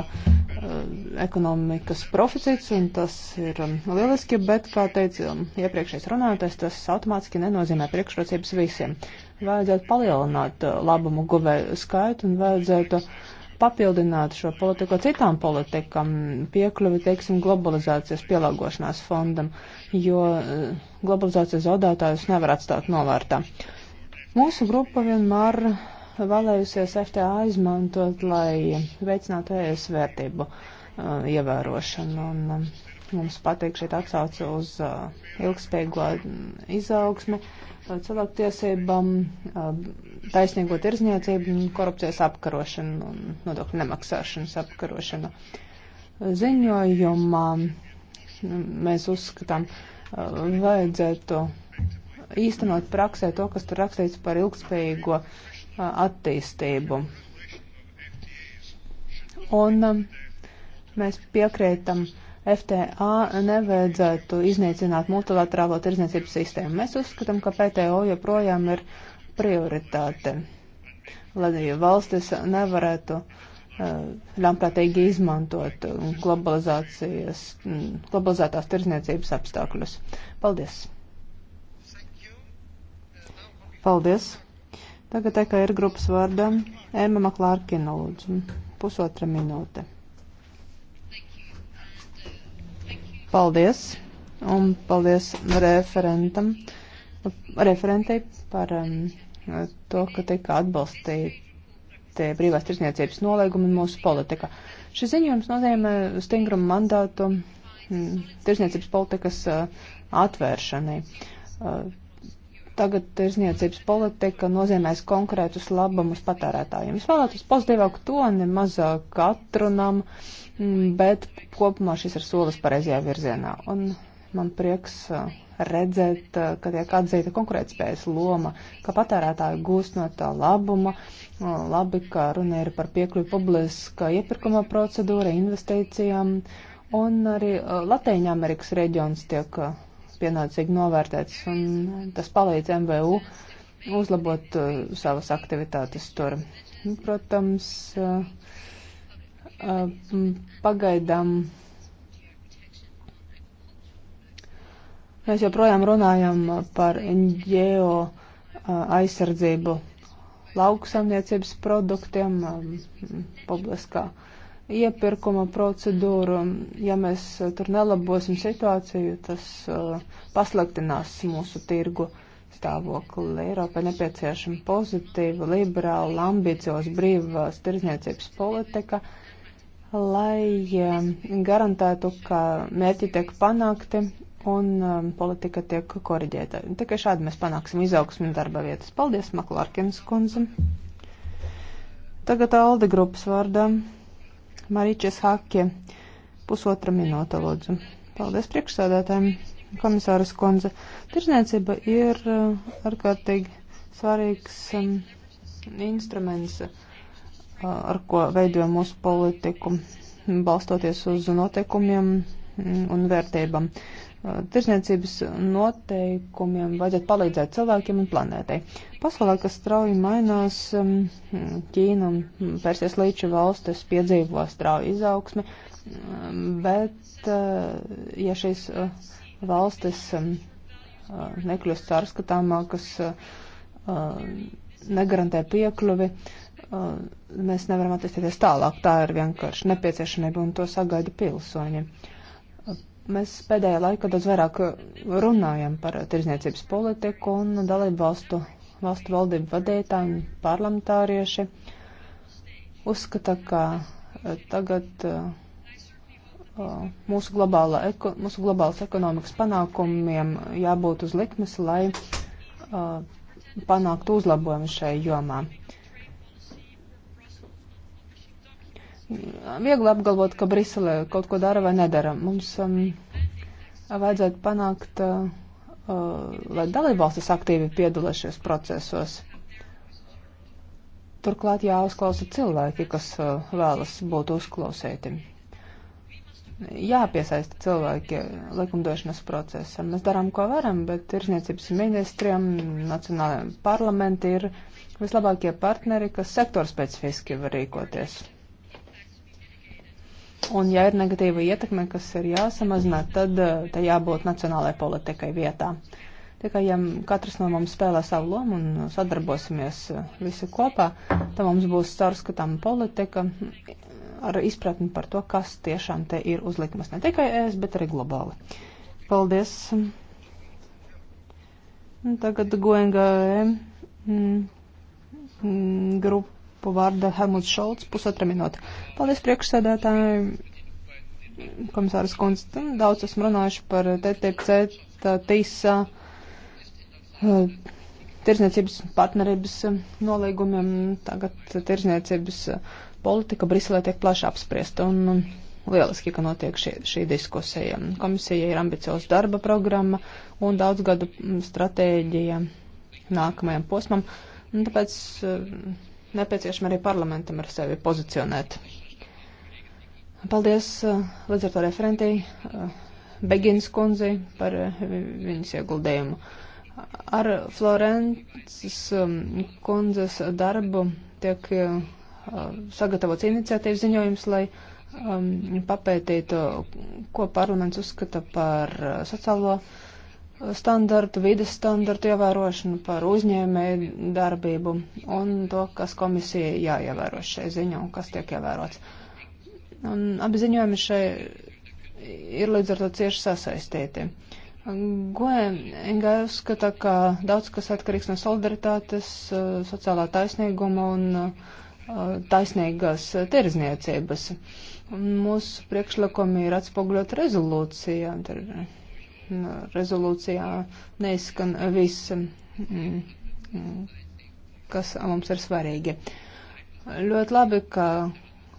ekonomikas proficīts, un tas ir um, lieliski, bet, kā teica um, iepriekšējais runātais, tas automātiski nenozīmē priekšrocības visiem. Vajadzētu palielināt labumu guvēju skaitu un vajadzētu uh, papildināt šo politiku citām politikam, piekļuvi, teiksim, globalizācijas pielāgošanās fondam, jo eh, globalizācijas zaudētājus nevar atstāt novārtā. Mūsu grupa vienmēr vēlējusies FTA izmantot, lai veicinātu ES vērtību uh, ievērošanu. Un, uh, Mums patīk šeit atsauce uz uh, ilgspējīgo mm, izaugsmi, uh, cilvēktiesībām, uh, taisnīgo tirzniecību, korupcijas apkarošanu un nodokļu nemaksāšanas apkarošanu. Ziņojumā mm, mēs uzskatām, uh, vajadzētu īstenot praksē to, kas tur rakstīts par ilgspējīgo uh, attīstību. Un um, mēs piekrītam uh, FTA nevajadzētu iznīcināt multilaterālo tirdzniecības sistēmu. Mēs uzskatām, ka PTO joprojām ir prioritāte, lai valstis nevarētu uh, ļaunprātīgi izmantot um, globalizācijas, um, globalizētās tirdzniecības apstākļus. Paldies! Paldies! Tagad tā e kā ir grupas vārdā, Ēma Maklārkina lūdzu. Pusotra minūte. Paldies! Un paldies referentam, referentei par um, to, ka tika atbalstīti brīvās tirsniecības nolēgumi mūsu politikā. Šis ziņojums nozīmē stingrumu mandātu mm, tirsniecības politikas uh, atvēršanai. Uh, tagad tirzniecības politika nozīmēs konkrētus labumus patērētājiem. Es vēlētos pozitīvāk to, nemaz katrunam, mm, bet kopumā šis ir solis pareizajā virzienā. Un man prieks uh, redzēt, uh, ka tiek atzīta konkurētspējas loma, ka patērētāji gūst no tā labuma. Uh, labi, ka runa ir par piekļuvi publiska iepirkuma procedūra, investīcijām. Un arī Latvijas Amerikas reģions tiek pienācīgi novērtēts, un nu, tas palīdz MVU uzlabot uh, savas aktivitātes tur. Nu, protams, uh, uh, pagaidām mēs joprojām runājam par ģeo uh, aizsardzību lauksaimniecības produktiem, uh, publiskā uh, iepirkuma procedūru. Ja mēs eh, tur nelabosim situāciju, tas eh, pasliktinās mūsu tirgu stāvokli. Eiropai nepieciešama pozitīva, liberāla, ambiciozs brīvās tirzniecības politika, lai eh, garantētu, ka mērķi tiek panākti un um, politika tiek koriģēta. Tikai šādi mēs panāksim izaugsmi darba vietas. Paldies, Maklārkins kundze. Tagad Alde grupas vārdā Marīķis Hakie, pusotra minūte, lūdzu. Paldies priekšsādātājiem, komisāras kundze. Tirzniecība ir uh, ārkārtīgi svarīgs um, instruments, uh, ar ko veido mūsu politiku, balstoties uz noteikumiem mm, un vērtībām tirsniecības noteikumiem vajadzētu palīdzēt cilvēkiem un planētai. Pasaulē, kas strauji mainās, um, Ķīna un Persijas līča valstis piedzīvo strauju izaugsmi, um, bet uh, ja šīs uh, valstis um, uh, nekļūst sārskatāmākas, negarantē piekļuvi, mēs nevaram attīstīties tālāk. Tā ir vienkārši nepieciešamība un to sagaida pilsoņi. Uh, Mēs pēdējā laikā daudz vairāk runājam par tirzniecības politiku un dalību valstu, valstu valdību vadītājiem, parlamentārieši. Uzskata, ka eh, tagad eh, eh, mūsu, globāla, mūsu globālas ekonomikas panākumiem jābūt uz likmes, lai panāktu uzlabojumu šai jomā. viegli apgalvot, ka Briselē kaut ko dara vai nedara. Mums um, vajadzētu panākt, uh, uh, lai dalībvalstis aktīvi piedalās šajos procesos. Turklāt jāuzklausa cilvēki, kas uh, vēlas būt uzklausēti. Jāpiesaista cilvēki likumdošanas procesam. Mēs darām, ko varam, bet tirsniecības ministriem, nacionālajiem parlamenti ir vislabākie partneri, kas sektorspecifiski var rīkoties. Un, ja ir negatīva ietekme, kas ir jāsamazina, tad eh, tai jābūt nacionālajai politikai vietā. Tikai, ja katrs no mums spēlē savu lomu un sadarbosimies eh, visi kopā, tad mums būs caurskatām politika ar izpratni par to, kas tiešām te ir uzlikums ne tikai es, bet arī globāli. Paldies! Tagad Goenga eh, grupa grupu vārda Helmuts Šolts, pusotra minūte. Paldies priekšsēdētāji, komisāras kundze. Daudz esmu runājuši par TTC, TISA, tirzniecības partnerības nolīgumiem. Tagad tirzniecības politika Briselē tiek plaši apspriesta. Un, Lieliski, ka notiek šī, šī diskusija. Komisija ir ambiciozs darba programma un daudzgadu stratēģija nākamajam posmam. Un tāpēc nepieciešama arī parlamentam ar sevi pozicionēt. Paldies eh, līdz ar to referentī eh, Begins kundzi par eh, viņas ieguldījumu. Ar Florences um, kundzes darbu tiek sagatavots iniciatīvas ziņojums, lai um, papētītu, ko parlaments uzskata par sociālo uh, standartu, vidas standartu ievērošanu, par uzņēmēju darbību un to, kas komisijai jāievēro šai ziņā un kas tiek ievērots. Un abi ziņojumi šai ir līdz ar to cieši sasaistīti. Goenga uzskata, ka daudz kas atkarīgs no solidaritātes, sociālā taisnīguma un uh, taisnīgās tirzniecības. Mūsu priekšlikumi ir atspoguļot rezolūcijā. Tur rezolūcijā neizskan viss, mm, mm, kas mums ir svarīgi. Ļoti labi, ka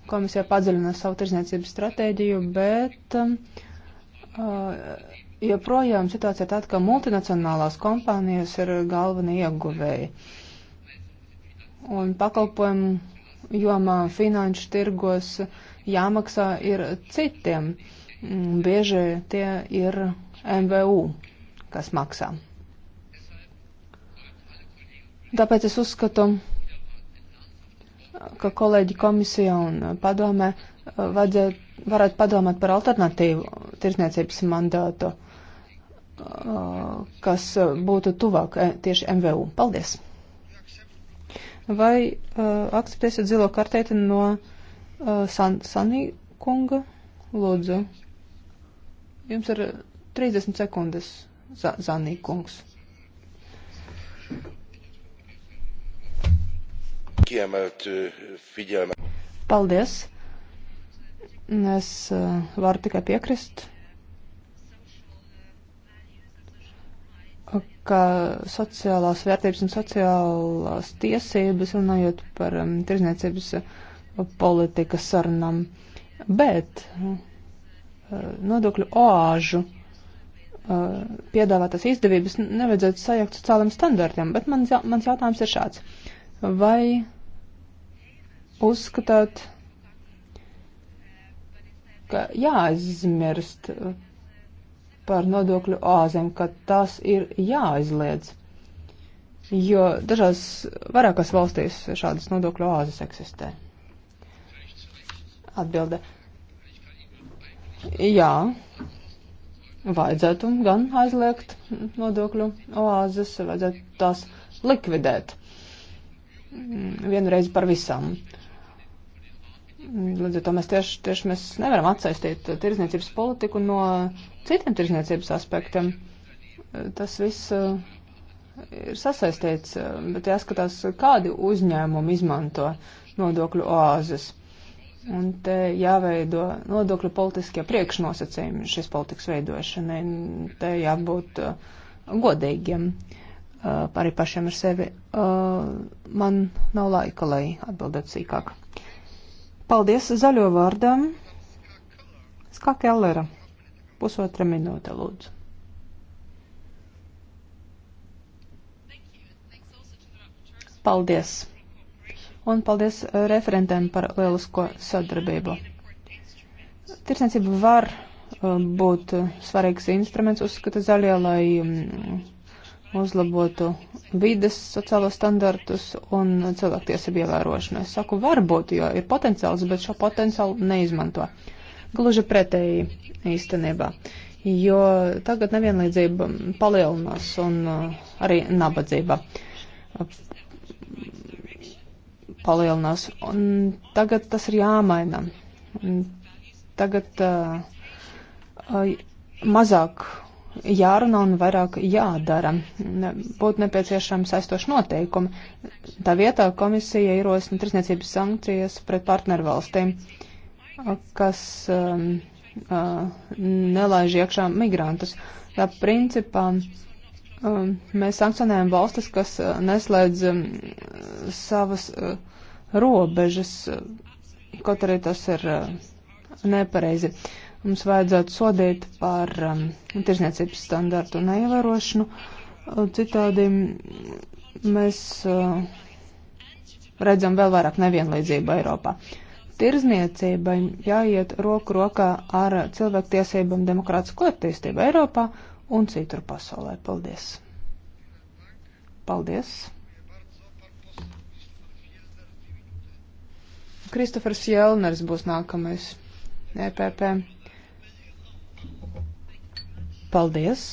komisija padziļina savu tirzniecības stratēģiju, bet uh, joprojām situācija ir tāda, ka multinacionālās kompānijas ir galvenie ieguvēji. Un pakalpojumu jomā finanšu tirgos jāmaksā ir citiem. Bieži tie ir MVU, kas maksā. Tāpēc es uzskatu, ka kolēģi komisijā un padomē uh, varētu padomāt par alternatīvu tirsniecības mandātu, uh, kas būtu tuvāk eh, tieši MVU. Paldies! Vai uh, akceptēsiet zilo kartēti no uh, San Sanī kunga? Lūdzu. Jums ir. Ar... 30 sekundes, Zanīkungs. Kiemelt eh, figyelme. Paldies. Es eh, varu tikai piekrist, ka sociālās vērtības un sociālās tiesības, runājot par um, tirzniecības eh, politikas sarunām, bet uh, nodokļu oāžu piedāvātas izdevības nevajadzētu sajaukt sociāliem standartiem, bet mans, mans jautājums ir šāds. Vai uzskatāt, ka jāaizmirst par nodokļu āzēm, ka tas ir jāaizliedz? Jo dažās vairākās valstīs šādas nodokļu āzes eksistē. Atbilde. Jā, vajadzētu gan aizliegt nodokļu oāzes, vajadzētu tās likvidēt vienreiz par visām. Līdz ar to mēs tieši, tieši mēs nevaram atsaistīt tirzniecības politiku no citiem tirzniecības aspektiem. Tas viss uh, ir sasaistīts, uh, bet jāskatās, kādi uzņēmumi izmanto nodokļu oāzes. Un te jāveido nodokļu politiskie priekšnosacījumi šīs politikas veidošanai. Te jābūt uh, godīgiem uh, arī pašiem ar sevi. Uh, man nav laika, lai atbildētu sīkāk. Paldies zaļo vārdam. Skā Kellera. Pusotra minūte, lūdzu. Paldies! un paldies eh, referentēm par lielisko sadarbību. Tirsniecība var eh, būt eh, svarīgs instruments, uzskata zaļie, lai mm, uzlabotu vides sociālos standartus un cilvēktiesību ievērošanu. Es saku, varbūt, jo ir potenciāls, bet šo potenciālu neizmanto. Gluži pretēji īstenībā, jo tagad nevienlīdzība palielinās un arī nabadzība palielinās. Un tagad tas ir jāmaina. Tagad uh, mazāk jārunā un vairāk jādara. Būtu nepieciešams aizstoši noteikumi. Tā vietā komisija ierosina tirsniecības sankcijas pret partnervalstīm, kas um, uh, nelaiž iekšā migrantus. Tā principā um, mēs sankcionējam valstis, kas neslēdz um, savas. Uh, robežas, kaut arī tas ir eh, nepareizi. Mums vajadzētu sodīt par um, tirsniecības standartu neievērošanu. Uh, citādi mēs uh, redzam vēl vairāk nevienlīdzību Eiropā. Tirzniecībai jāiet roku rokā ar cilvēktiesībām demokrātisko attīstību Eiropā un citur pasaulē. Paldies! Paldies! Kristofers Jelners būs nākamais. EPP. Paldies.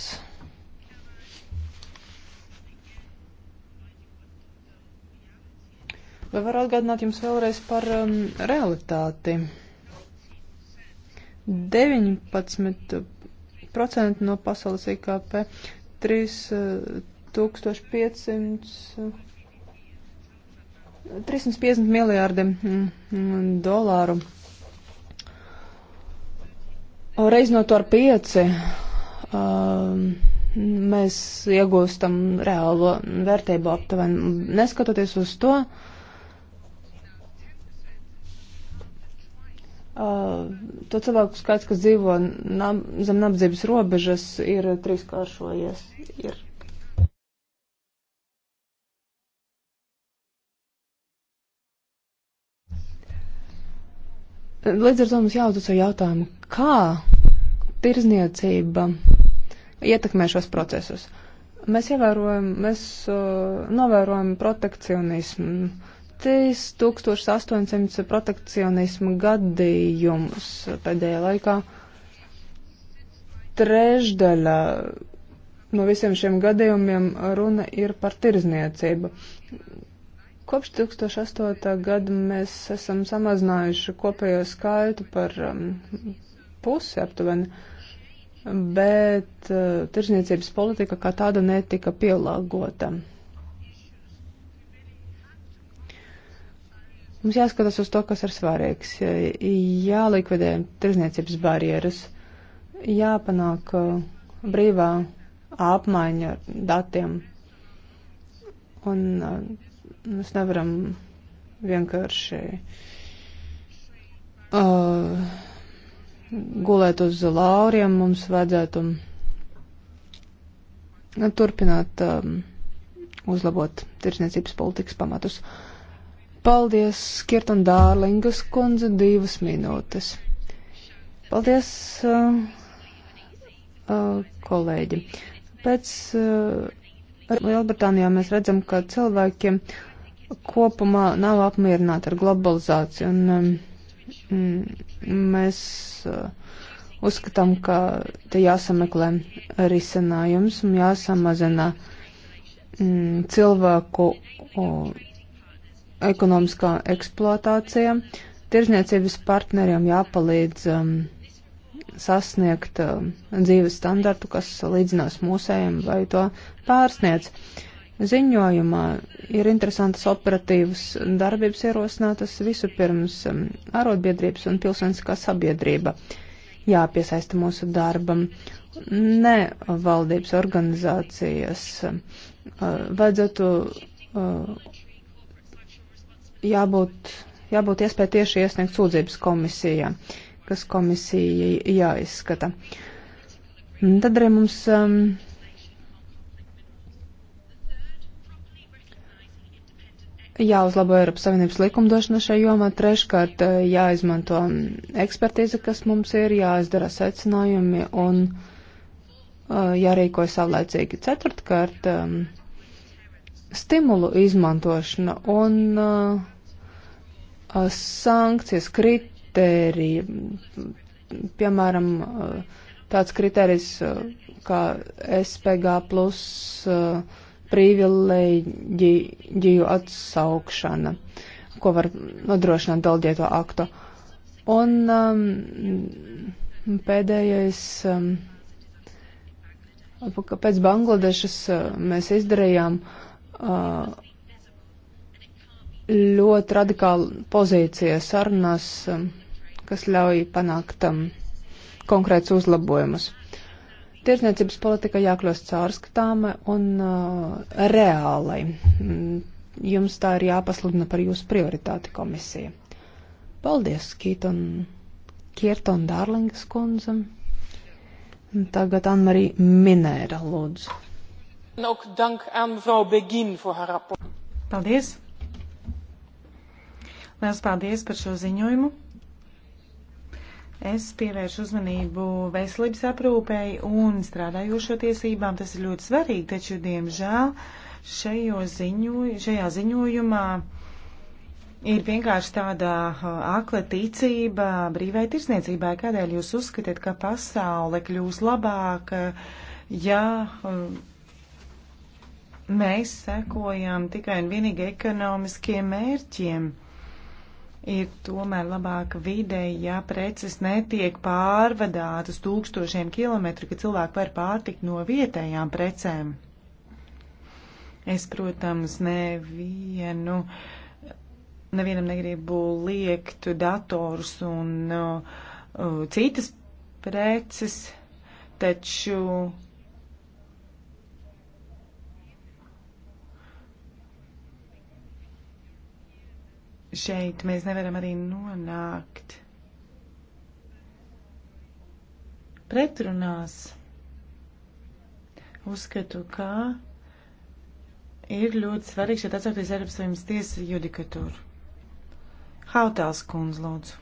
Vai varu atgādināt jums vēlreiz par um, realitāti? 19% no pasaules IKP, 3500 350 miljārdi mm, mm, dolāru. Reiz no to ar pieci um, mēs iegūstam reālo vērtību aptuveni. Neskatoties uz to, uh, to cilvēku skaits, kas dzīvo nab zem nabadzības robežas, ir trīskāršojies. Ir Līdz ar to mums jāuzdod sev jautājumu, kā tirzniecība ietekmē šos procesus. Mēs ievērojam, mēs uh, novērojam protekcionismu. 3800 protekcionismu gadījumus pēdējā laikā. Trešdaļa no visiem šiem gadījumiem runa ir par tirzniecību. Kopš 2008. gada mēs esam samazinājuši kopējo skaitu par um, pusi aptuveni, bet uh, tirzniecības politika kā tāda netika pielāgota. Mums jāskatās uz to, kas ir svarīgs. Jālikvidē tirzniecības barjeras, jāpanāk uh, brīvā apmaiņa ar datiem. Un uh, Mēs nevaram vienkārši uh, gulēt uz lauriem, mums vajadzētu uh, turpināt um, uzlabot tirsniecības politikas pamatus. Paldies, Kirtan Dārlingas kundze, divas minūtes. Paldies, uh, uh, kolēģi. Pēc uh, Lielbritānijā mēs redzam, ka cilvēkiem uh, kopumā nav apmierināti ar globalizāciju. Un, um, mm, mēs uh, uzskatām, ka te jāsameklē risinājums un jāsamazina um, cilvēku uh, ekonomiskā eksploatācija. Tirzniecības partneriem jāpalīdz um, sasniegt um, dzīves standartu, kas līdzinās mūsējiem vai to pārsniec. Uh, Ziņojumā ir interesantas operatīvas darbības ierosinātas visupirms um, arotbiedrības un pilsoniskā sabiedrība jāpiesaista mūsu darbam. Ne valdības organizācijas um, uh, vajadzētu uh, jābūt, jābūt iespēja tieši iesniegt sūdzības komisijā, kas komisija jāizskata. Tad arī mums um, jāuzlabo Eiropas Savienības likumdošana šajā jomā, treškārt eh, jāizmanto ekspertīze, kas mums ir, jāizdara secinājumi un eh, jārīkojas saulēcīgi. Ceturtkārt, eh, stimulu izmantošana un sankcijas kritērija, piemēram, tāds kritērijs kā SPG plus uh, privileģiju atsaukšana, ko var nodrošināt daldieto aktu. Un um, pēdējais, um, pēc Bangladešas uh, mēs izdarījām uh, ļoti radikālu pozīciju sarunās, um, kas ļauj panākt um, konkrēts uzlabojumus. Tirzniecības politika jākļūst caurskatāma un uh, reālai. Mm, jums tā ir jāpasludina par jūsu prioritāti komisija. Paldies, Kīton, Kierton Dārlingas kundzam. Tagad Anmarī Minēra, lūdzu. Paldies. Liels paldies par šo ziņojumu. Es pievēršu uzmanību veselības aprūpei un strādājošo tiesībām. Tas ir ļoti svarīgi, taču, diemžēl, ziņo, šajā ziņojumā ir vienkārši tāda akla ticība brīvai tirsniecībai. Kādēļ jūs uzskatiet, ka pasaule kļūs labāka, ja mēs sekojam tikai un vienīgi ekonomiskiem mērķiem? ir tomēr labāka videi, ja preces netiek pārvadātas tūkstošiem kilometru, ka cilvēki var pārtikt no vietējām precēm. Es, protams, nevienu, nevienam negribu liekt datorus un uh, citas preces, taču šeit mēs nevaram arī nonākt pretrunās. Uzskatu, ka ir ļoti svarīgi šeit atsaukties Eiropas Savienības tiesa judikatūru. Hautās kundz, lūdzu.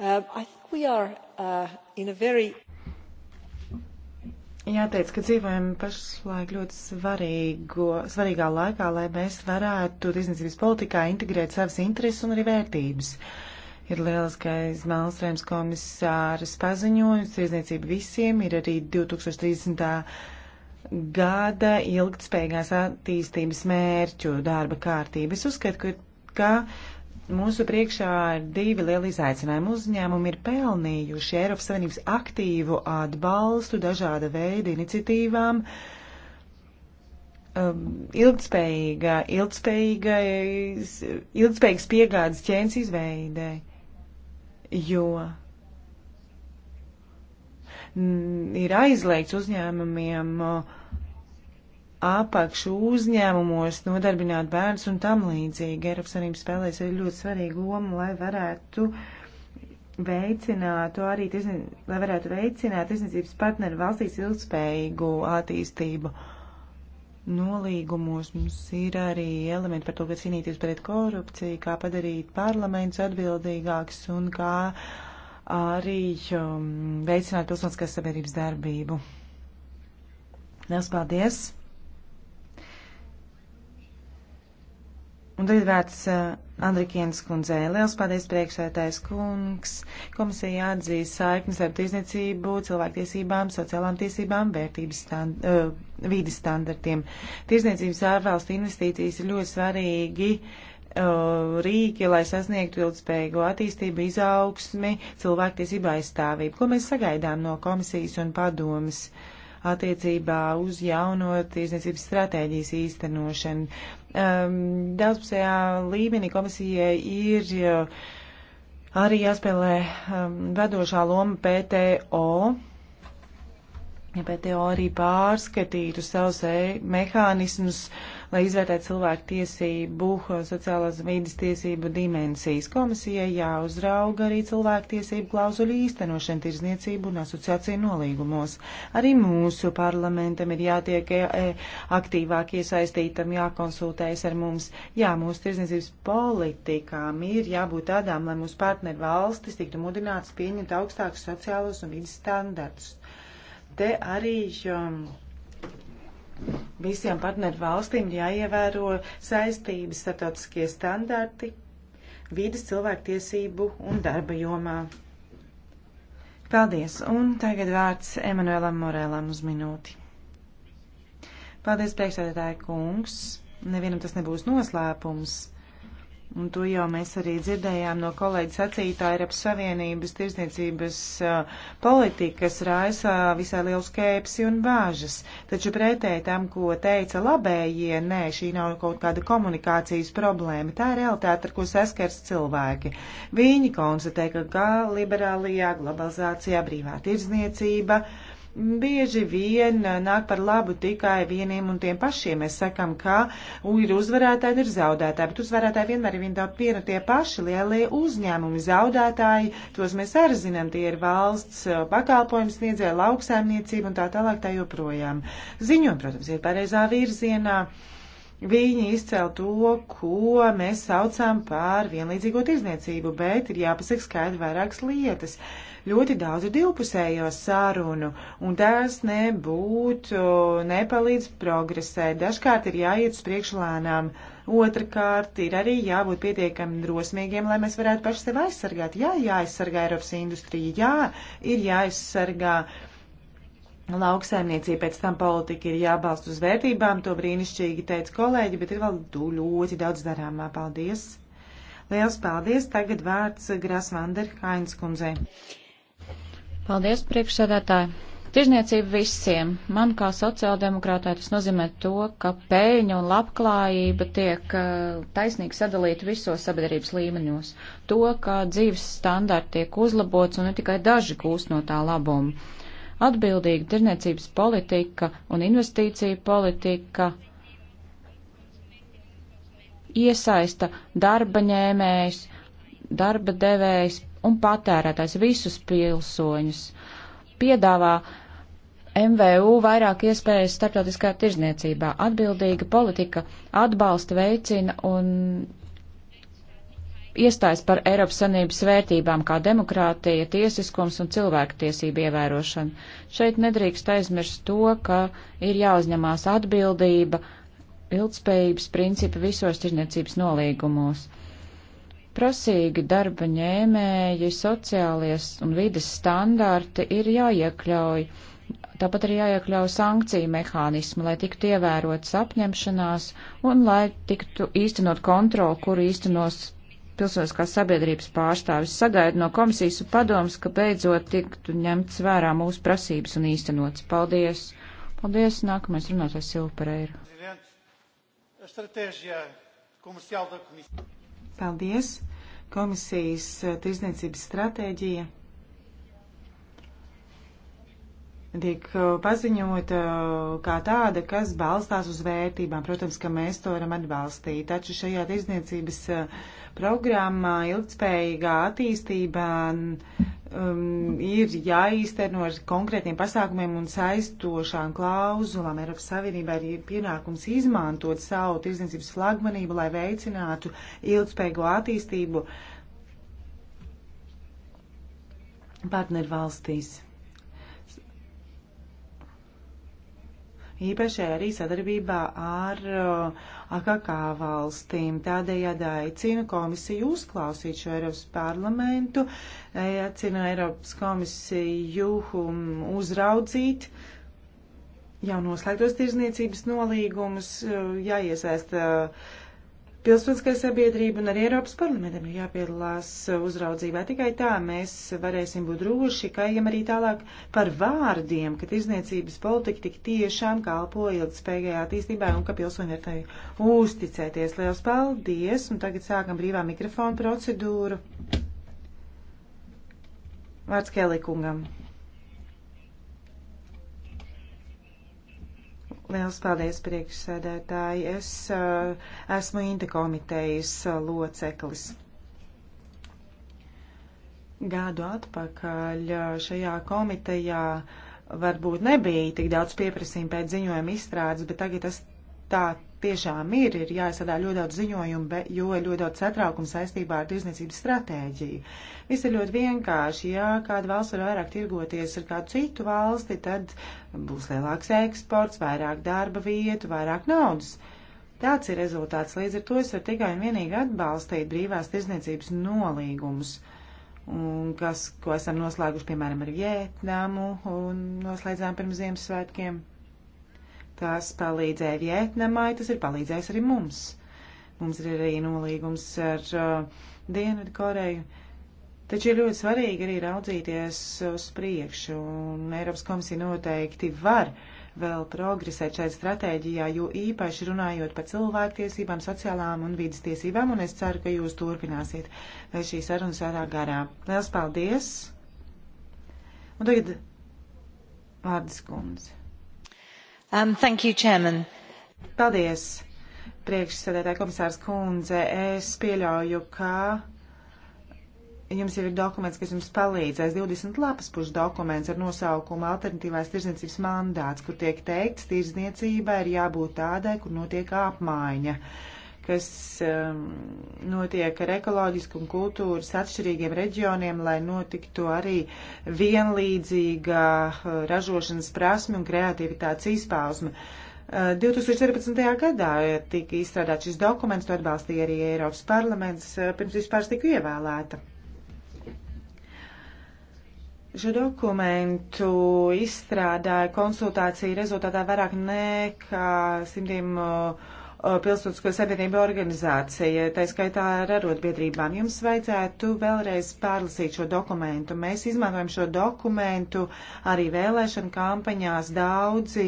Uh, I think we are uh, in a very Jāteic, ka dzīvojam pašlaik ļoti svarīgo, svarīgā laikā, lai mēs varētu tiesniecības politikā integrēt savas intereses un arī vērtības. Ir lieliskais Malmstrēms komisāras paziņojums, tiesniecība visiem ir arī 2030. gada ilgtspējīgās attīstības mērķu darba kārtība. Es uzskatu, ka, ka Mūsu priekšā ir divi lieli izaicinājumi. Uzņēmumi ir pelnījuši Eiropas Savienības aktīvu atbalstu dažāda veida iniciatīvām. Um, ilgspējīga, ilgspējīgas piegādes ķēns izveidē, jo ir aizliegts uzņēmumiem uh, apakšu uzņēmumos nodarbināt bērns un tam līdzīgi. Eiropas Savienība spēlēs arī ļoti svarīgu lomu, lai varētu veicinātu arī, lai varētu veicināt izniecības partneru valstīs ilgspējīgu attīstību. Nolīgumos mums ir arī elementi par to, kā cīnīties pret korupciju, kā padarīt parlaments atbildīgāks un kā arī um, veicināt pilsoniskās sabiedrības darbību. Liels paldies! Un tagad vērts eh, Andrikienas kundzei. Liels paldies priekšsētājs kungs. Komisija atzīst saiknes ar tirzniecību, cilvēktiesībām, sociālām tiesībām, vērtības stand, uh, vīdes standartiem. Tirzniecības ārvalstu investīcijas ir ļoti svarīgi uh, rīki, lai sasniegtu ilgspējīgu attīstību, izaugsmi, cilvēktiesību aizstāvību. Ko mēs sagaidām no komisijas un padomas attiecībā uz jauno tirzniecības stratēģijas īstenošanu? um, daudzpusējā līmenī komisijai ir uh, arī jāspēlē um, ehm, vedošā loma PTO. Ja PTO arī pārskatītu savus e mehānismus, uh, lai izvērtētu cilvēku tiesību, sociālās vidas tiesību dimensijas. Komisijai jāuzrauga arī cilvēku tiesību klauzuļu īstenošana tirzniecību un asociāciju nolīgumos. Arī mūsu parlamentam ir jātiek e, e, aktīvāk iesaistītam, jākonsultējas ar mums. Jā, mūsu tirzniecības politikām ir jābūt tādām, lai mūsu partneru valstis tiktu mudināts pieņemt augstākus sociālos un vidas standartus. Te arī um, Visiem partneru valstīm jāievēro saistības startautiskie standarti vīdas cilvēktiesību un darba jomā. Paldies, un tagad vārds Emanuēlam Morēlam uz minūti. Paldies, priekšsēdētāji kungs. Nevienam tas nebūs noslēpums Un to jau mēs arī dzirdējām no kolēģa sacītā Eiropas Savienības tirsniecības uh, politikas raisa visai lielu skēpsi un bāžas. Taču pretēji tam, ko teica labējie, nē, šī nav kaut kāda komunikācijas problēma. Tā ir realitāte, ar ko saskars cilvēki. Viņi konstatē, ka kā liberālajā globalizācijā brīvā tirzniecība. Uh, bieži vien eh, nāk par labu tikai vieniem un tiem pašiem. Mēs sakam, ka ir uzvarētāji un ir zaudētāji, bet uzvarētāji vienmēr ir vien un tie paši lielie uzņēmumi. Zaudētāji, tos mēs arī zinām, tie ir valsts eh, pakalpojums sniedzēja lauksaimniecība un tā tālāk tā joprojām. Ziņojumi, protams, ir pareizā virzienā. Viņi izcēl to, ko mēs saucām par vienlīdzīgo tirzniecību, bet ir jāpasaka skaidri vairākas lietas. Uh, ļoti daudz ir divpusējo sarunu, un tās nebūtu, nepalīdz progresēt. Dažkārt ir jāiet uz priekšlēnām. Otrakārt, ir arī jābūt pietiekami drosmīgiem, lai mēs varētu paši sevi aizsargāt. Jā, jāaizsargā Eiropas industrija, jā, ir jāaizsargā lauksaimniecība, pēc tam politika ir jābalst uz vērtībām, to brīnišķīgi teica kolēģi, bet ir vēl ļoti daudz darāmā. Paldies! Liels paldies! Tagad vārds Grāsvanderhains kundzei. Paldies, priekšsēdētāji! Tirzniecība visiem. Man kā sociāldemokrātai tas nozīmē to, ka peļņa un labklājība tiek eh, taisnīgi sadalīta visos sabiedrības līmeņos. To, ka dzīves standarti tiek uzlabots un ne tikai daži gūst no tā labumu. Atbildīga tirzniecības politika un investīcija politika iesaista darba ņēmējs, darba devējs, un patērētājs, visus pilsoņus. Piedāvā MVU vairāk iespējas starptautiskā tirzniecībā. Atbildīga politika atbalsta veicina un iestājas par Eiropas Sanības vērtībām kā demokrātija, tiesiskums un cilvēktiesība ievērošana. Šeit nedrīkst aizmirst to, ka ir jāuzņemās atbildība ilgspējības principi visos tirzniecības nolīgumos. Prasīgi darba ņēmēji, sociālies un vides standarti ir jāiekļauj. Tāpat arī jāiekļauj sankciju mehānismi, lai tiktu ievērotas apņemšanās un lai tiktu īstenot kontroli, kur īstenos pilsoniskās sabiedrības pārstāvis. Sagaidu no komisijas un padoms, ka beidzot tiktu ņemts vērā mūsu prasības un īstenots. Paldies! Paldies! Nākamais runātājs Silva Pereira. Stratēģija komerciāla komisija. Paldies! Komisijas eh, tirzniecības stratēģija tiek eh, paziņota eh, kā tāda, kas balstās uz vērtībām. Protams, ka mēs to varam atbalstīt, taču šajā tirzniecības programmā ilgspējīgā attīstībā um, ir jāīsteno ar konkrētiem pasākumiem un saistošām klauzulām. Eiropas Savienībā ir pienākums izmantot savu tirdzniecības flagmanību, lai veicinātu ilgspējīgo attīstību partnervalstīs. valstīs. īpaši arī sadarbībā ar uh, AKK valstīm. Tādējādi aicinu komisiju uzklausīt šo Eiropas parlamentu, eh, aicinu Eiropas komisiju um, uzraudzīt jau noslēgtos tirzniecības nolīgumus, uh, jāiesaista. Ja Pilsoniskai sabiedrība un arī Eiropas parlamentam ir jāpiedalās uzraudzībā. Tikai tā mēs varēsim būt droši, ka ejam arī tālāk par vārdiem, ka izniecības politika tik tiešām kalpo ilgspējīgai attīstībai un ka pilsoņi var tai uzticēties. Liels paldies! Un tagad sākam brīvā mikrofona procedūru. Vārds Kelikungam. Liels paldies, priekšsēdētāji. Es uh, esmu Intekomitejas uh, eh, loceklis. Gādu atpakaļ eh, šajā komitejā varbūt nebija tik daudz pieprasījumu pēc ziņojuma izstrādes, bet tagad tas tā tiešām ir, ir jāizsadā ļoti daudz ziņojumu, be, jo ir ļoti daudz satraukumu saistībā ar tirzniecības stratēģiju. Viss ir ļoti vienkārši, ja kāda valsts var vairāk tirgoties ar kādu citu valsti, tad būs lielāks eksports, vairāk darba vietu, vairāk naudas. Tāds ir rezultāts, līdz ar to es varu tikai un vienīgi atbalstīt brīvās tirzniecības nolīgumus. Un kas, ko esam noslēguši, piemēram, ar Vietnamu un noslēdzām pirms Ziemassvētkiem. Tas palīdzēja Vietnamai, tas ir palīdzējis arī mums. Mums ir arī nolīgums ar uh, Dienvidu Koreju. Taču ir ļoti svarīgi arī raudzīties uz priekšu, un Eiropas komisija noteikti var vēl progresēt šai stratēģijā, jo īpaši runājot par cilvēktiesībām, sociālām un vidas tiesībām, un es ceru, ka jūs turpināsiet, lai šī saruna sārā garā. Liels paldies! Un tagad vārds kundze. Um, thank you, Chairman. Paldies, priekšsēdētāja komisārs kundze. Es pieļauju, ka jums jau ir dokuments, kas jums palīdzēs. 20 lapas pušu dokuments ar nosaukumu Alternatīvās tirzniecības mandāts, kur tiek teikts, tirzniecība ir jābūt tādai, kur notiek apmaiņa. Uh, kas um, notiek ar ekoloģisku un kultūras atšķirīgiem reģioniem, lai notiktu arī vienlīdzīga uh, ražošanas prasme un kreativitātes izpausme. 2014. Uh, gadā tika izstrādāts šis dokuments, to atbalstīja arī Eiropas parlaments, uh, pirms vispār tika ievēlēta. Šo dokumentu izstrādāja konsultāciju rezultātā vairāk nekā simtiem uh, Uh, pilsonisko sabiedrību organizācija, tā skaitā ar arotbiedrībām. Jums vajadzētu vēlreiz pārlasīt šo dokumentu. Mēs izmantojam šo dokumentu arī vēlēšana kampaņās. Daudzi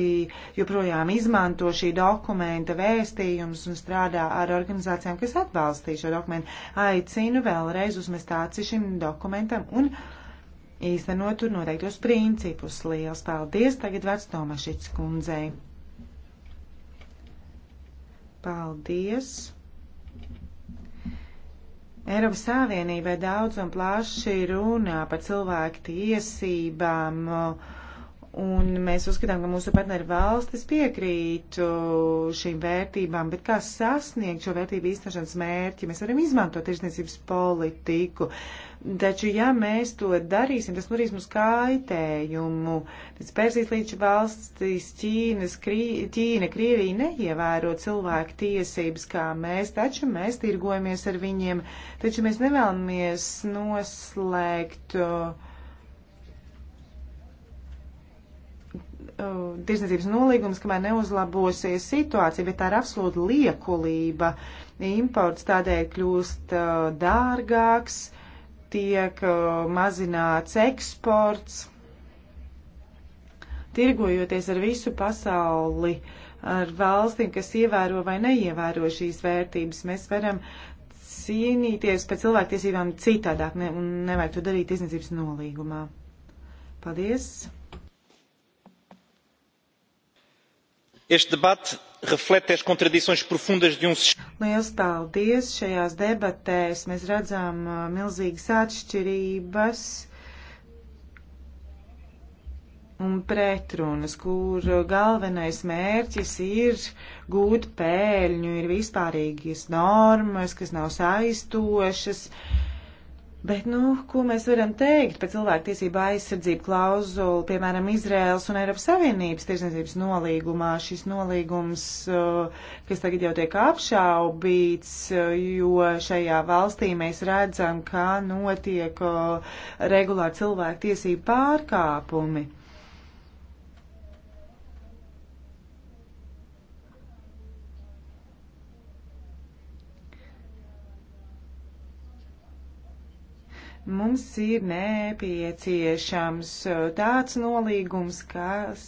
joprojām izmanto šī dokumenta vēstījumus un strādā ar organizācijām, kas atbalstīja šo dokumentu. Aicinu vēlreiz uzmest aci šim dokumentam un īstenot tur noteiktos principus. Liels paldies! Tagad vērts Tomašits kundzei. Paldies! Eiropas Savienībai daudz un plaši runā par cilvēku tiesībām. Uh, Un mēs uzskatām, ka mūsu partneri valstis piekrīt šīm vērtībām, bet kā sasniegt šo vērtību īstenošanas mērķi? Mēs varam izmantot tirsniecības politiku, taču ja mēs to darīsim, tas norīs mums kaitējumu. Pēc Persijas līdz valstis Ķīnas, Krī, Ķīna, Krievija neievēro cilvēku tiesības kā mēs, taču mēs tirgojamies ar viņiem, taču mēs nevēlamies noslēgt. Uh, uh, tirsniecības nolīgumus, kamēr neuzlabosies situācija, bet tā ir absolūta liekulība. Imports tādēļ kļūst uh, dārgāks, tiek uh, mazināts eksports, tirgojoties ar visu pasauli, ar valstīm, kas ievēro vai neievēro šīs vērtības. Mēs varam cīnīties par cilvēktiesībām citādāk, ne, un nevajag to darīt tirsniecības nolīgumā. Paldies! Este debate reflete as contradições profundas de um Liels paldies! Šajās debatēs mēs redzam uh, milzīgas atšķirības un pretrunas, kur galvenais mērķis ir gūt pēļņu, ir vispārīgas normas, kas nav saistošas. Uh, Bet, nu, ko mēs varam teikt par cilvēktiesību aizsardzību klauzulu, piemēram, Izraels un Eiropas Savienības tirsniecības nolīgumā? Šis nolīgums, eh, kas tagad jau tiek apšaubīts, eh, jo šajā valstī mēs redzam, kā notiek eh, regulāri cilvēktiesību pārkāpumi. Mums ir nepieciešams uh, tāds nolīgums, kas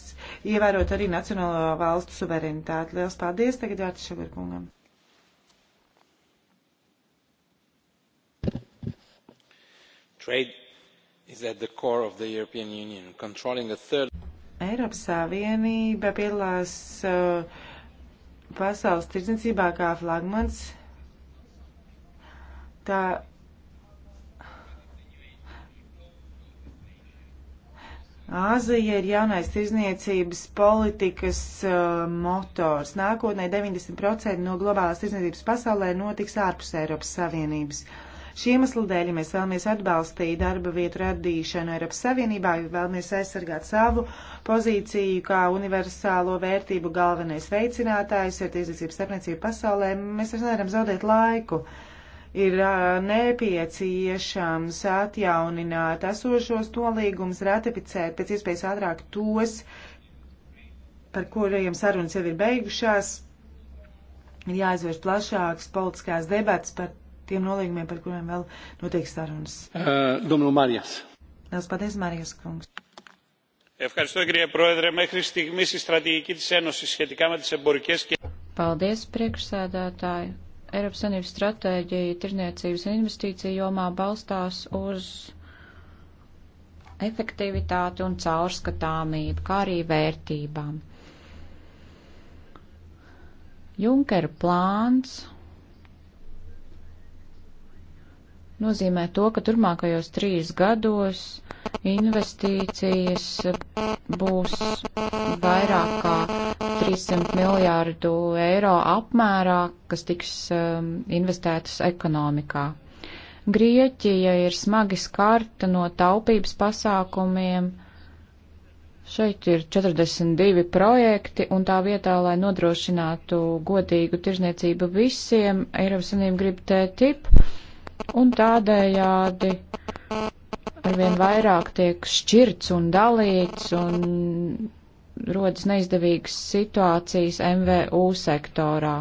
ievērot arī nacionālo valstu suverenitāti. Liels paldies tagad Vārts Ševirkungam. Trade is at the core of the European Union, controlling a third. Eiropas Savienība piedalās uh, pasaules tirdzniecībā kā flagmans. Tā Āzija ir jaunais tirzniecības politikas uh, motors. Nākotnē 90% no globālās tirzniecības pasaulē notiks ārpus Eiropas Savienības. Šī iemesla dēļ, ja mēs vēlamies atbalstīt darba vietu radīšanu Eiropas Savienībā, ja vēlamies aizsargāt savu pozīciju kā universālo vērtību galvenais veicinātājs, ir tirzniecības starpniecība pasaulē, mēs vairs nevaram zaudēt laiku. Uh, ir nepieciešams atjaunināt esošos nolīgumus, ratificēt pēc iespējas ātrāk tos, par kuriem sarunas jau ir beigušās. Ir jāizvērš plašāks politiskās debats par tiem nolīgumiem, par kuriem vēl notiek sarunas. Uh, Domnu Marijas. Lielas paldies, Marijas kungs. Ευχαριστώ κύριε Πρόεδρε. Μέχρι στιγμής η στρατηγική της Ένωσης σχετικά με τις εμπορικές και... Paldies, priekšsēdētāji. Eiropas Savienības stratēģija tirniecības un investīciju jomā balstās uz efektivitāti un caurskatāmību, kā arī vērtībām. Junkera plāns nozīmē to, ka turmākajos trīs gados investīcijas būs vairāk kā 300 miljārdu eiro apmērā, kas tiks um, investētas ekonomikā. Grieķija ir smagi skarta no taupības pasākumiem. Šeit ir 42 projekti, un tā vietā, lai nodrošinātu godīgu tirzniecību visiem, Eiropas Unība grib TTIP, un tādējādi arvien vairāk tiek šķirts un dalīts, un rodas neizdevīgas situācijas MVU sektorā.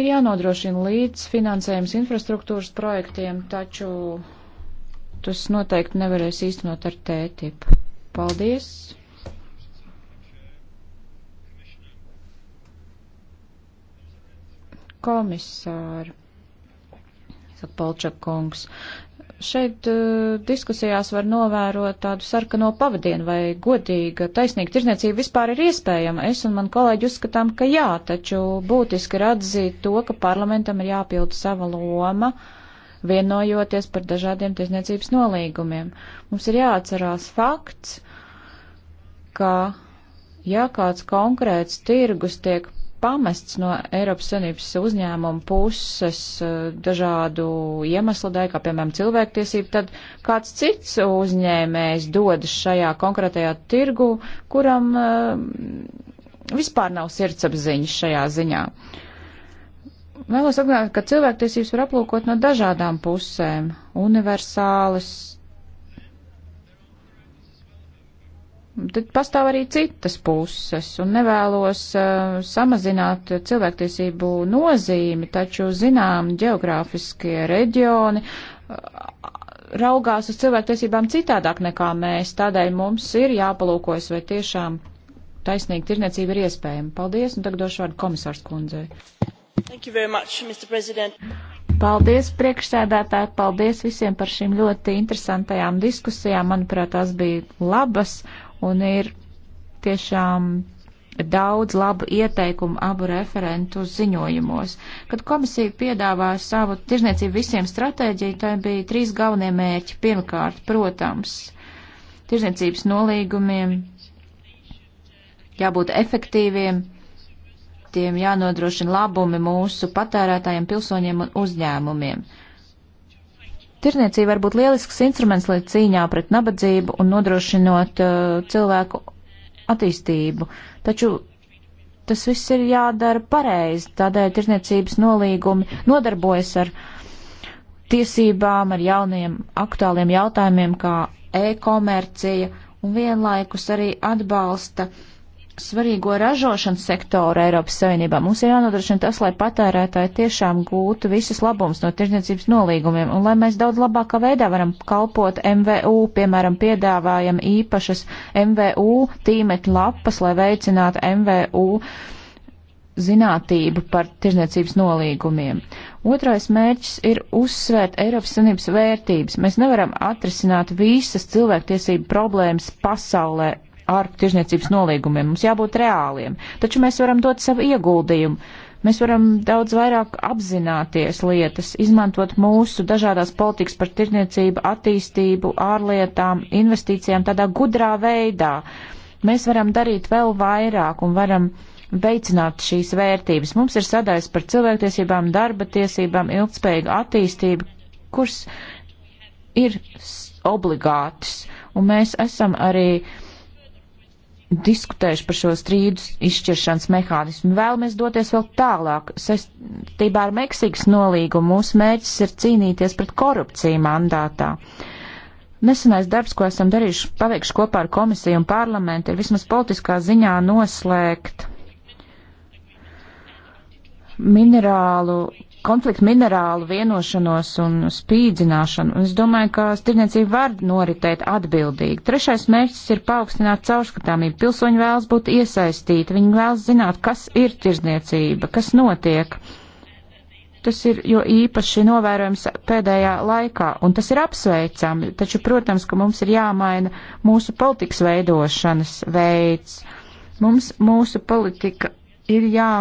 Ir jānodrošina līdz finansējums infrastruktūras projektiem, taču tas noteikti nevarēs īstenot ar tētipu. Paldies! Komisāri! Saka Polčakungs. Šeit uh, diskusijās var novērot tādu sarkano pavadienu vai godīga, taisnīga tirzniecība vispār ir iespējama. Es un man kolēģi uzskatām, ka jā, taču būtiski ir atzīt to, ka parlamentam ir jāpilda sava loma, vienojoties par dažādiem tirzniecības nolīgumiem. Mums ir jāatcerās fakts, ka ja kāds konkrēts tirgus tiek pamests no Eiropas Savienības uzņēmumu puses eh, dažādu iemeslu dēļ, kā piemēram cilvēktiesība, tad kāds cits uzņēmējs dodas šajā konkrētajā tirgu, kuram eh, vispār nav sirdsapziņas šajā ziņā. Vēlos atgādināt, ka cilvēktiesības var aplūkot no dažādām pusēm - universālas, Tad pastāv arī citas puses, un nevēlos uh, samazināt cilvēktiesību nozīmi, taču zinām geogrāfiskie reģioni uh, raugās uz cilvēktiesībām citādāk nekā mēs, tādēļ mums ir jāpalūkojas, vai tiešām taisnīga tirniecība ir iespējama. Paldies, un tagad došu vārdu komisārs kundzei. Much, paldies, priekšsēdētāji, paldies visiem par šīm ļoti interesantajām diskusijām. Manuprāt, tās bija labas un ir tiešām daudz labu ieteikumu abu referentu ziņojumos. Kad komisija piedāvāja savu tirzniecību visiem stratēģiju, tai bija trīs galvenie mērķi. Pirmkārt, protams, tirzniecības nolīgumiem jābūt efektīviem, tiem jānodrošina labumi mūsu patērētājiem, pilsoņiem un uzņēmumiem. Tirniecība var būt lielisks instruments, lai cīņā pret nabadzību un nodrošinot uh, cilvēku attīstību, taču tas viss ir jādara pareizi, tādēļ tirniecības nolīgumi nodarbojas ar tiesībām, ar jauniem aktuāliem jautājumiem, kā e-komercija, un vienlaikus arī atbalsta uh, svarīgo ražošanas sektoru Eiropas Savienībā. Mums ir jānodrošina tas, lai patērētāji tiešām gūtu visas labums no tirdzniecības nolīgumiem un lai mēs daudz labākā veidā varam kalpot MVU, piemēram, piedāvājam īpašas MVU tīmekļa lapas, lai veicinātu MVU zinātību par tirzniecības nolīgumiem. Otrais mērķis ir uzsvērt Eiropas Savienības vērtības. Mēs nevaram atrisināt visas cilvēktiesību problēmas pasaulē ar tirzniecības nolīgumiem. Mums jābūt reāliem. Taču mēs varam dot savu ieguldījumu. Mēs varam daudz vairāk apzināties lietas, izmantot mūsu dažādās politikas par tirzniecību, attīstību, ārlietām, investīcijām tādā gudrā veidā. Mēs varam darīt vēl vairāk un varam veicināt šīs vērtības. Mums ir sadaļas par cilvēktiesībām, darba tiesībām, ilgspējīgu attīstību, kurs ir obligātas. Un mēs esam arī uh, diskutējuši par šo strīdu izšķiršanas mehānismu. Vēlamies doties vēl tālāk. Saistībā ar Meksikas nolīgumu mūsu mērķis ir cīnīties pret korupciju mandātā. Nesenais darbs, ko esam darījuši, paveikši kopā ar komisiju un parlamentu, ir vismaz politiskā ziņā noslēgt minerālu konfliktu minerālu vienošanos un spīdzināšanu, un es domāju, ka tirniecība var noritēt atbildīgi. Trešais mērķis ir paaugstināt caurskatāmību. Pilsoņi vēlas būt iesaistīti, viņi vēlas zināt, kas ir tirniecība, kas notiek. Tas ir jo īpaši novērojams pēdējā laikā, un tas ir apsveicami, taču, protams, ka mums ir jāmaina mūsu politikas veidošanas veids. Mums mūsu politika ir jā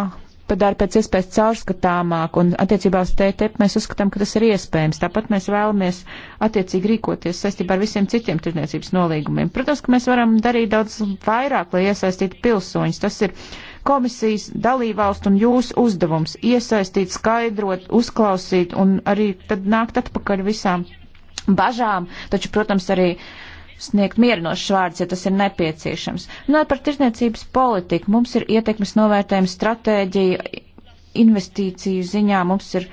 padara pēc iespējas caurskatāmāk, un attiecībā uz TTIP mēs uzskatām, ka tas ir iespējams. Tāpat mēs vēlamies attiecīgi rīkoties saistībā ar visiem citiem tirdzniecības nolīgumiem. Protams, ka mēs varam darīt daudz vairāk, lai iesaistītu pilsoņus. Tas ir komisijas, dalībvalstu un jūsu uzdevums - iesaistīt, skaidrot, uzklausīt un arī tad nākt atpakaļ visām bažām, taču, protams, arī uh, sniegt mierinošs vārds, ja tas ir nepieciešams. Runājot par tirzniecības politiku, mums ir ietekmes novērtējuma stratēģija, investīciju ziņā mums ir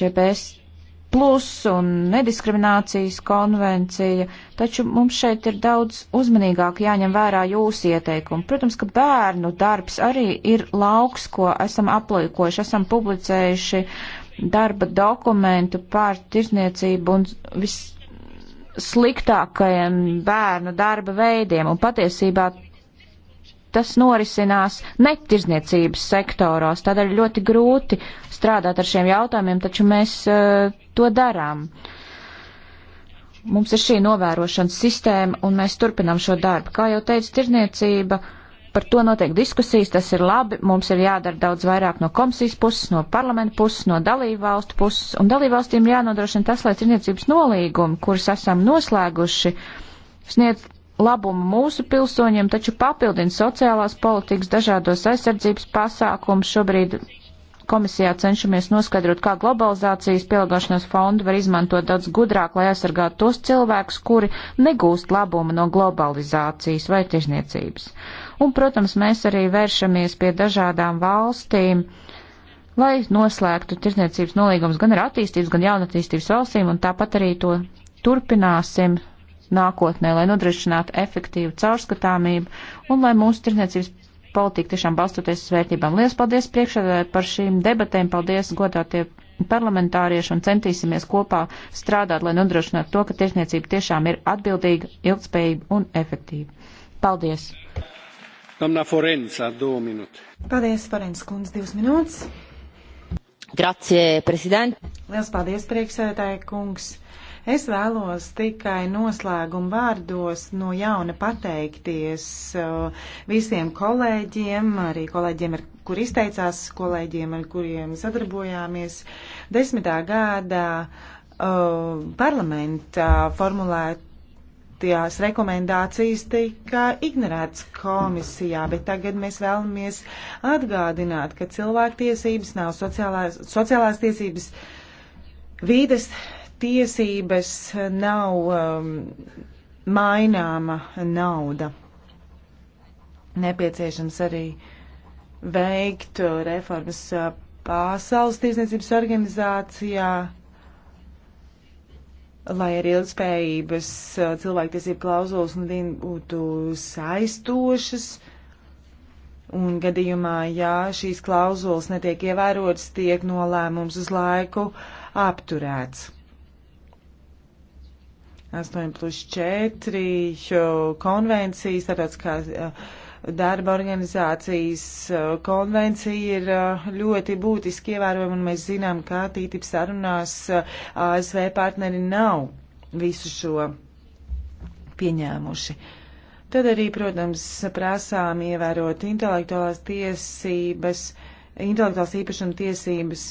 GPS plus un nediskriminācijas konvencija, taču mums šeit ir daudz uzmanīgāk jāņem vērā jūsu ieteikumi. Protams, ka bērnu darbs arī ir lauks, ko esam aplīkojuši, esam publicējuši darba dokumentu pār tirzniecību un viss sliktākajiem bērnu darba veidiem, un patiesībā tas norisinās netirzniecības sektoros, tādēļ ļoti grūti strādāt ar šiem jautājumiem, taču mēs uh, to darām. Mums ir šī novērošanas sistēma, un mēs turpinām šo darbu. Kā jau teicu, tirzniecība uh, par to notiek diskusijas, tas ir labi, mums ir jādara daudz vairāk no komisijas puses, no parlamenta puses, no dalību valstu puses, un dalību valstīm jānodrošina tas, lai cilvēcības nolīgumi, kurus esam noslēguši, sniedz labumu mūsu pilsoņiem, taču papildina sociālās politikas dažādos aizsardzības pasākumus. Šobrīd komisijā cenšamies noskaidrot, kā globalizācijas pielāgošanās fondu var izmantot daudz gudrāk, lai aizsargātu tos cilvēkus, kuri negūst labumu no globalizācijas vai tirzniecības. Un, protams, mēs arī vēršamies pie dažādām valstīm, lai noslēgtu tirsniecības nolīgums gan ar attīstības, gan jaunatīstības valstīm, un tāpat arī to turpināsim nākotnē, lai nodrošinātu efektīvu caurskatāmību un lai mūsu tirsniecības politika tiešām balstoties uz vērtībām. Lielas paldies priekšādāji par šīm debatēm, paldies godātie parlamentārieši un centīsimies kopā strādāt, lai nodrošinātu to, ka tirsniecība tiešām ir atbildīga, ilgspējīga un efektīva. Paldies! Domnā Forenza, divi minūtes. Paldies, Forenza kundze, divas minūtes. Grazie, prezident. Liels paldies, priekšsēdētāji kungs. Es vēlos tikai noslēguma vārdos no jauna pateikties uh, visiem kolēģiem, arī kolēģiem, ar kur izteicās, kolēģiem, ar kuriem sadarbojāmies desmitā gadā uh, parlamenta formulēt tās rekomendācijas tika ignorētas komisijā, bet tagad mēs vēlamies atgādināt, ka cilvēktiesības nav sociālās, sociālās tiesības, vīdes tiesības nav um, maināma nauda. Nepieciešams arī veikt uh, reformas uh, pasaules tiesniecības organizācijā, uh, lai arī ilgspējības uh, cilvēktiesību klauzulas un din būtu saistošas. Un gadījumā, ja šīs klauzulas netiek ievērotas, tiek nolēmums uz laiku apturēts. 8 plus 4 konvencijas, tāpēc kā uh, darba organizācijas uh, konvencija ir uh, ļoti būtiski ievērojama, un mēs zinām, kā TTIP sarunās uh, ASV partneri nav visu šo pieņēmuši. Tad arī, protams, prasām ievērot intelektuālās tiesības, intelektuālās īpašuma tiesības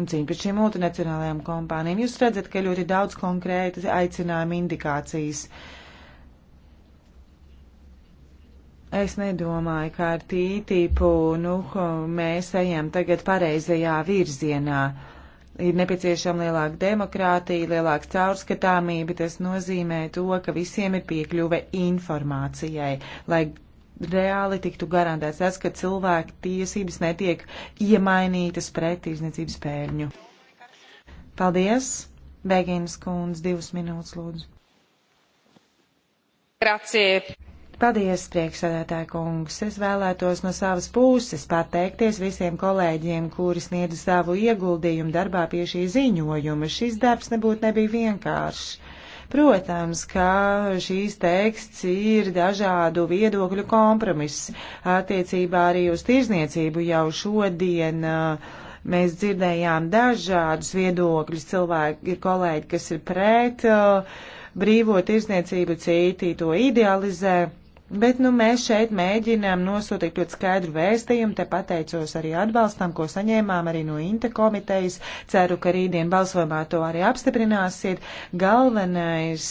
un cīņu pret šīm multinacionālajām kompānijām. Jūs redzat, ka ļoti daudz konkrēti aicinājumi indikācijas. Uh, Es nedomāju, ka ar tītību nu, mēs ejam tagad pareizajā virzienā. Ir nepieciešama lielāka demokrātija, lielāka caurskatāmība. Tas nozīmē to, ka visiem ir piekļuve informācijai, lai reāli tiktu garantēts tas, ka cilvēku tiesības netiek iemainītas pret izniecības pērņu. Paldies! Begīnas kundze, divas minūtes lūdzu. Grazie! Paldies, priekšsēdētāji kungs. Es vēlētos no savas puses pateikties visiem kolēģiem, kuri sniedz savu ieguldījumu darbā pie šī ziņojuma. Šis darbs nebūtu nebija vienkāršs. Protams, ka šīs teksts ir dažādu viedokļu kompromiss attiecībā arī uz tirzniecību jau šodien. Uh, mēs dzirdējām dažādus viedokļus. Cilvēki ir kolēģi, kas ir pret uh, brīvo tirzniecību, citi to idealizē Bet nu, mēs šeit mēģinām nosūtīt ļoti skaidru vēstījumu. Te pateicos arī atbalstam, ko saņēmām arī no Inte komitejas. Ceru, ka rītdien balsojumā to arī apstiprināsiet. Galvenais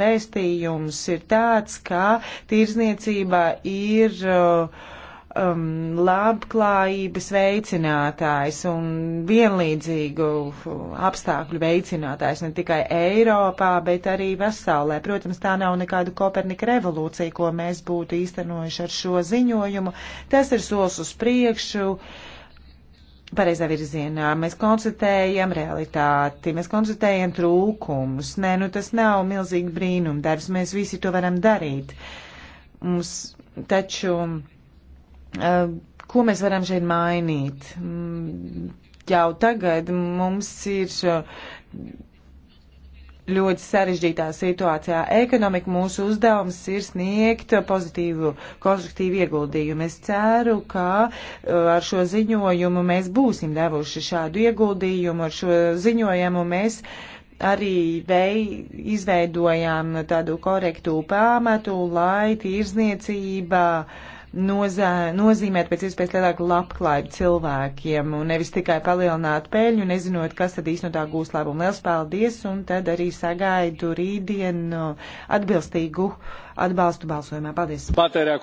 vēstījums ir tāds, ka tirzniecība ir. Uh, um, labklājības veicinātājs un vienlīdzīgu apstākļu veicinātājs ne tikai Eiropā, bet arī pasaulē. Protams, tā nav nekāda Kopernika revolūcija, ko mēs būtu īstenojuši ar šo ziņojumu. Tas ir solis uz priekšu. Pareizā virzienā mēs konstatējam realitāti, mēs konstatējam trūkumus. Nē, nu tas nav milzīgi brīnumdarbs, mēs visi to varam darīt. Mums taču Eh, ko mēs varam šeit mainīt? Mm, jau tagad mums ir ļoti sarežģītā situācijā. Ekonomika mūsu uzdevums ir sniegt pozitīvu, konstruktīvu ieguldījumu. Es ceru, ka eh, ar šo ziņojumu mēs būsim devuši šādu ieguldījumu, ar šo ziņojumu mēs arī vei, izveidojām tādu korektu pāmatu, lai tirzniecībā uh, nozā, nozīmēt pēc iespējas lielāku labklājību cilvēkiem un nevis tikai palielināt peļņu, nezinot, kas tad īstenībā no gūs labumu. Liels paldies un tad arī sagaidu rītdienu atbilstīgu atbalstu balsojumā. Paldies! Patērē,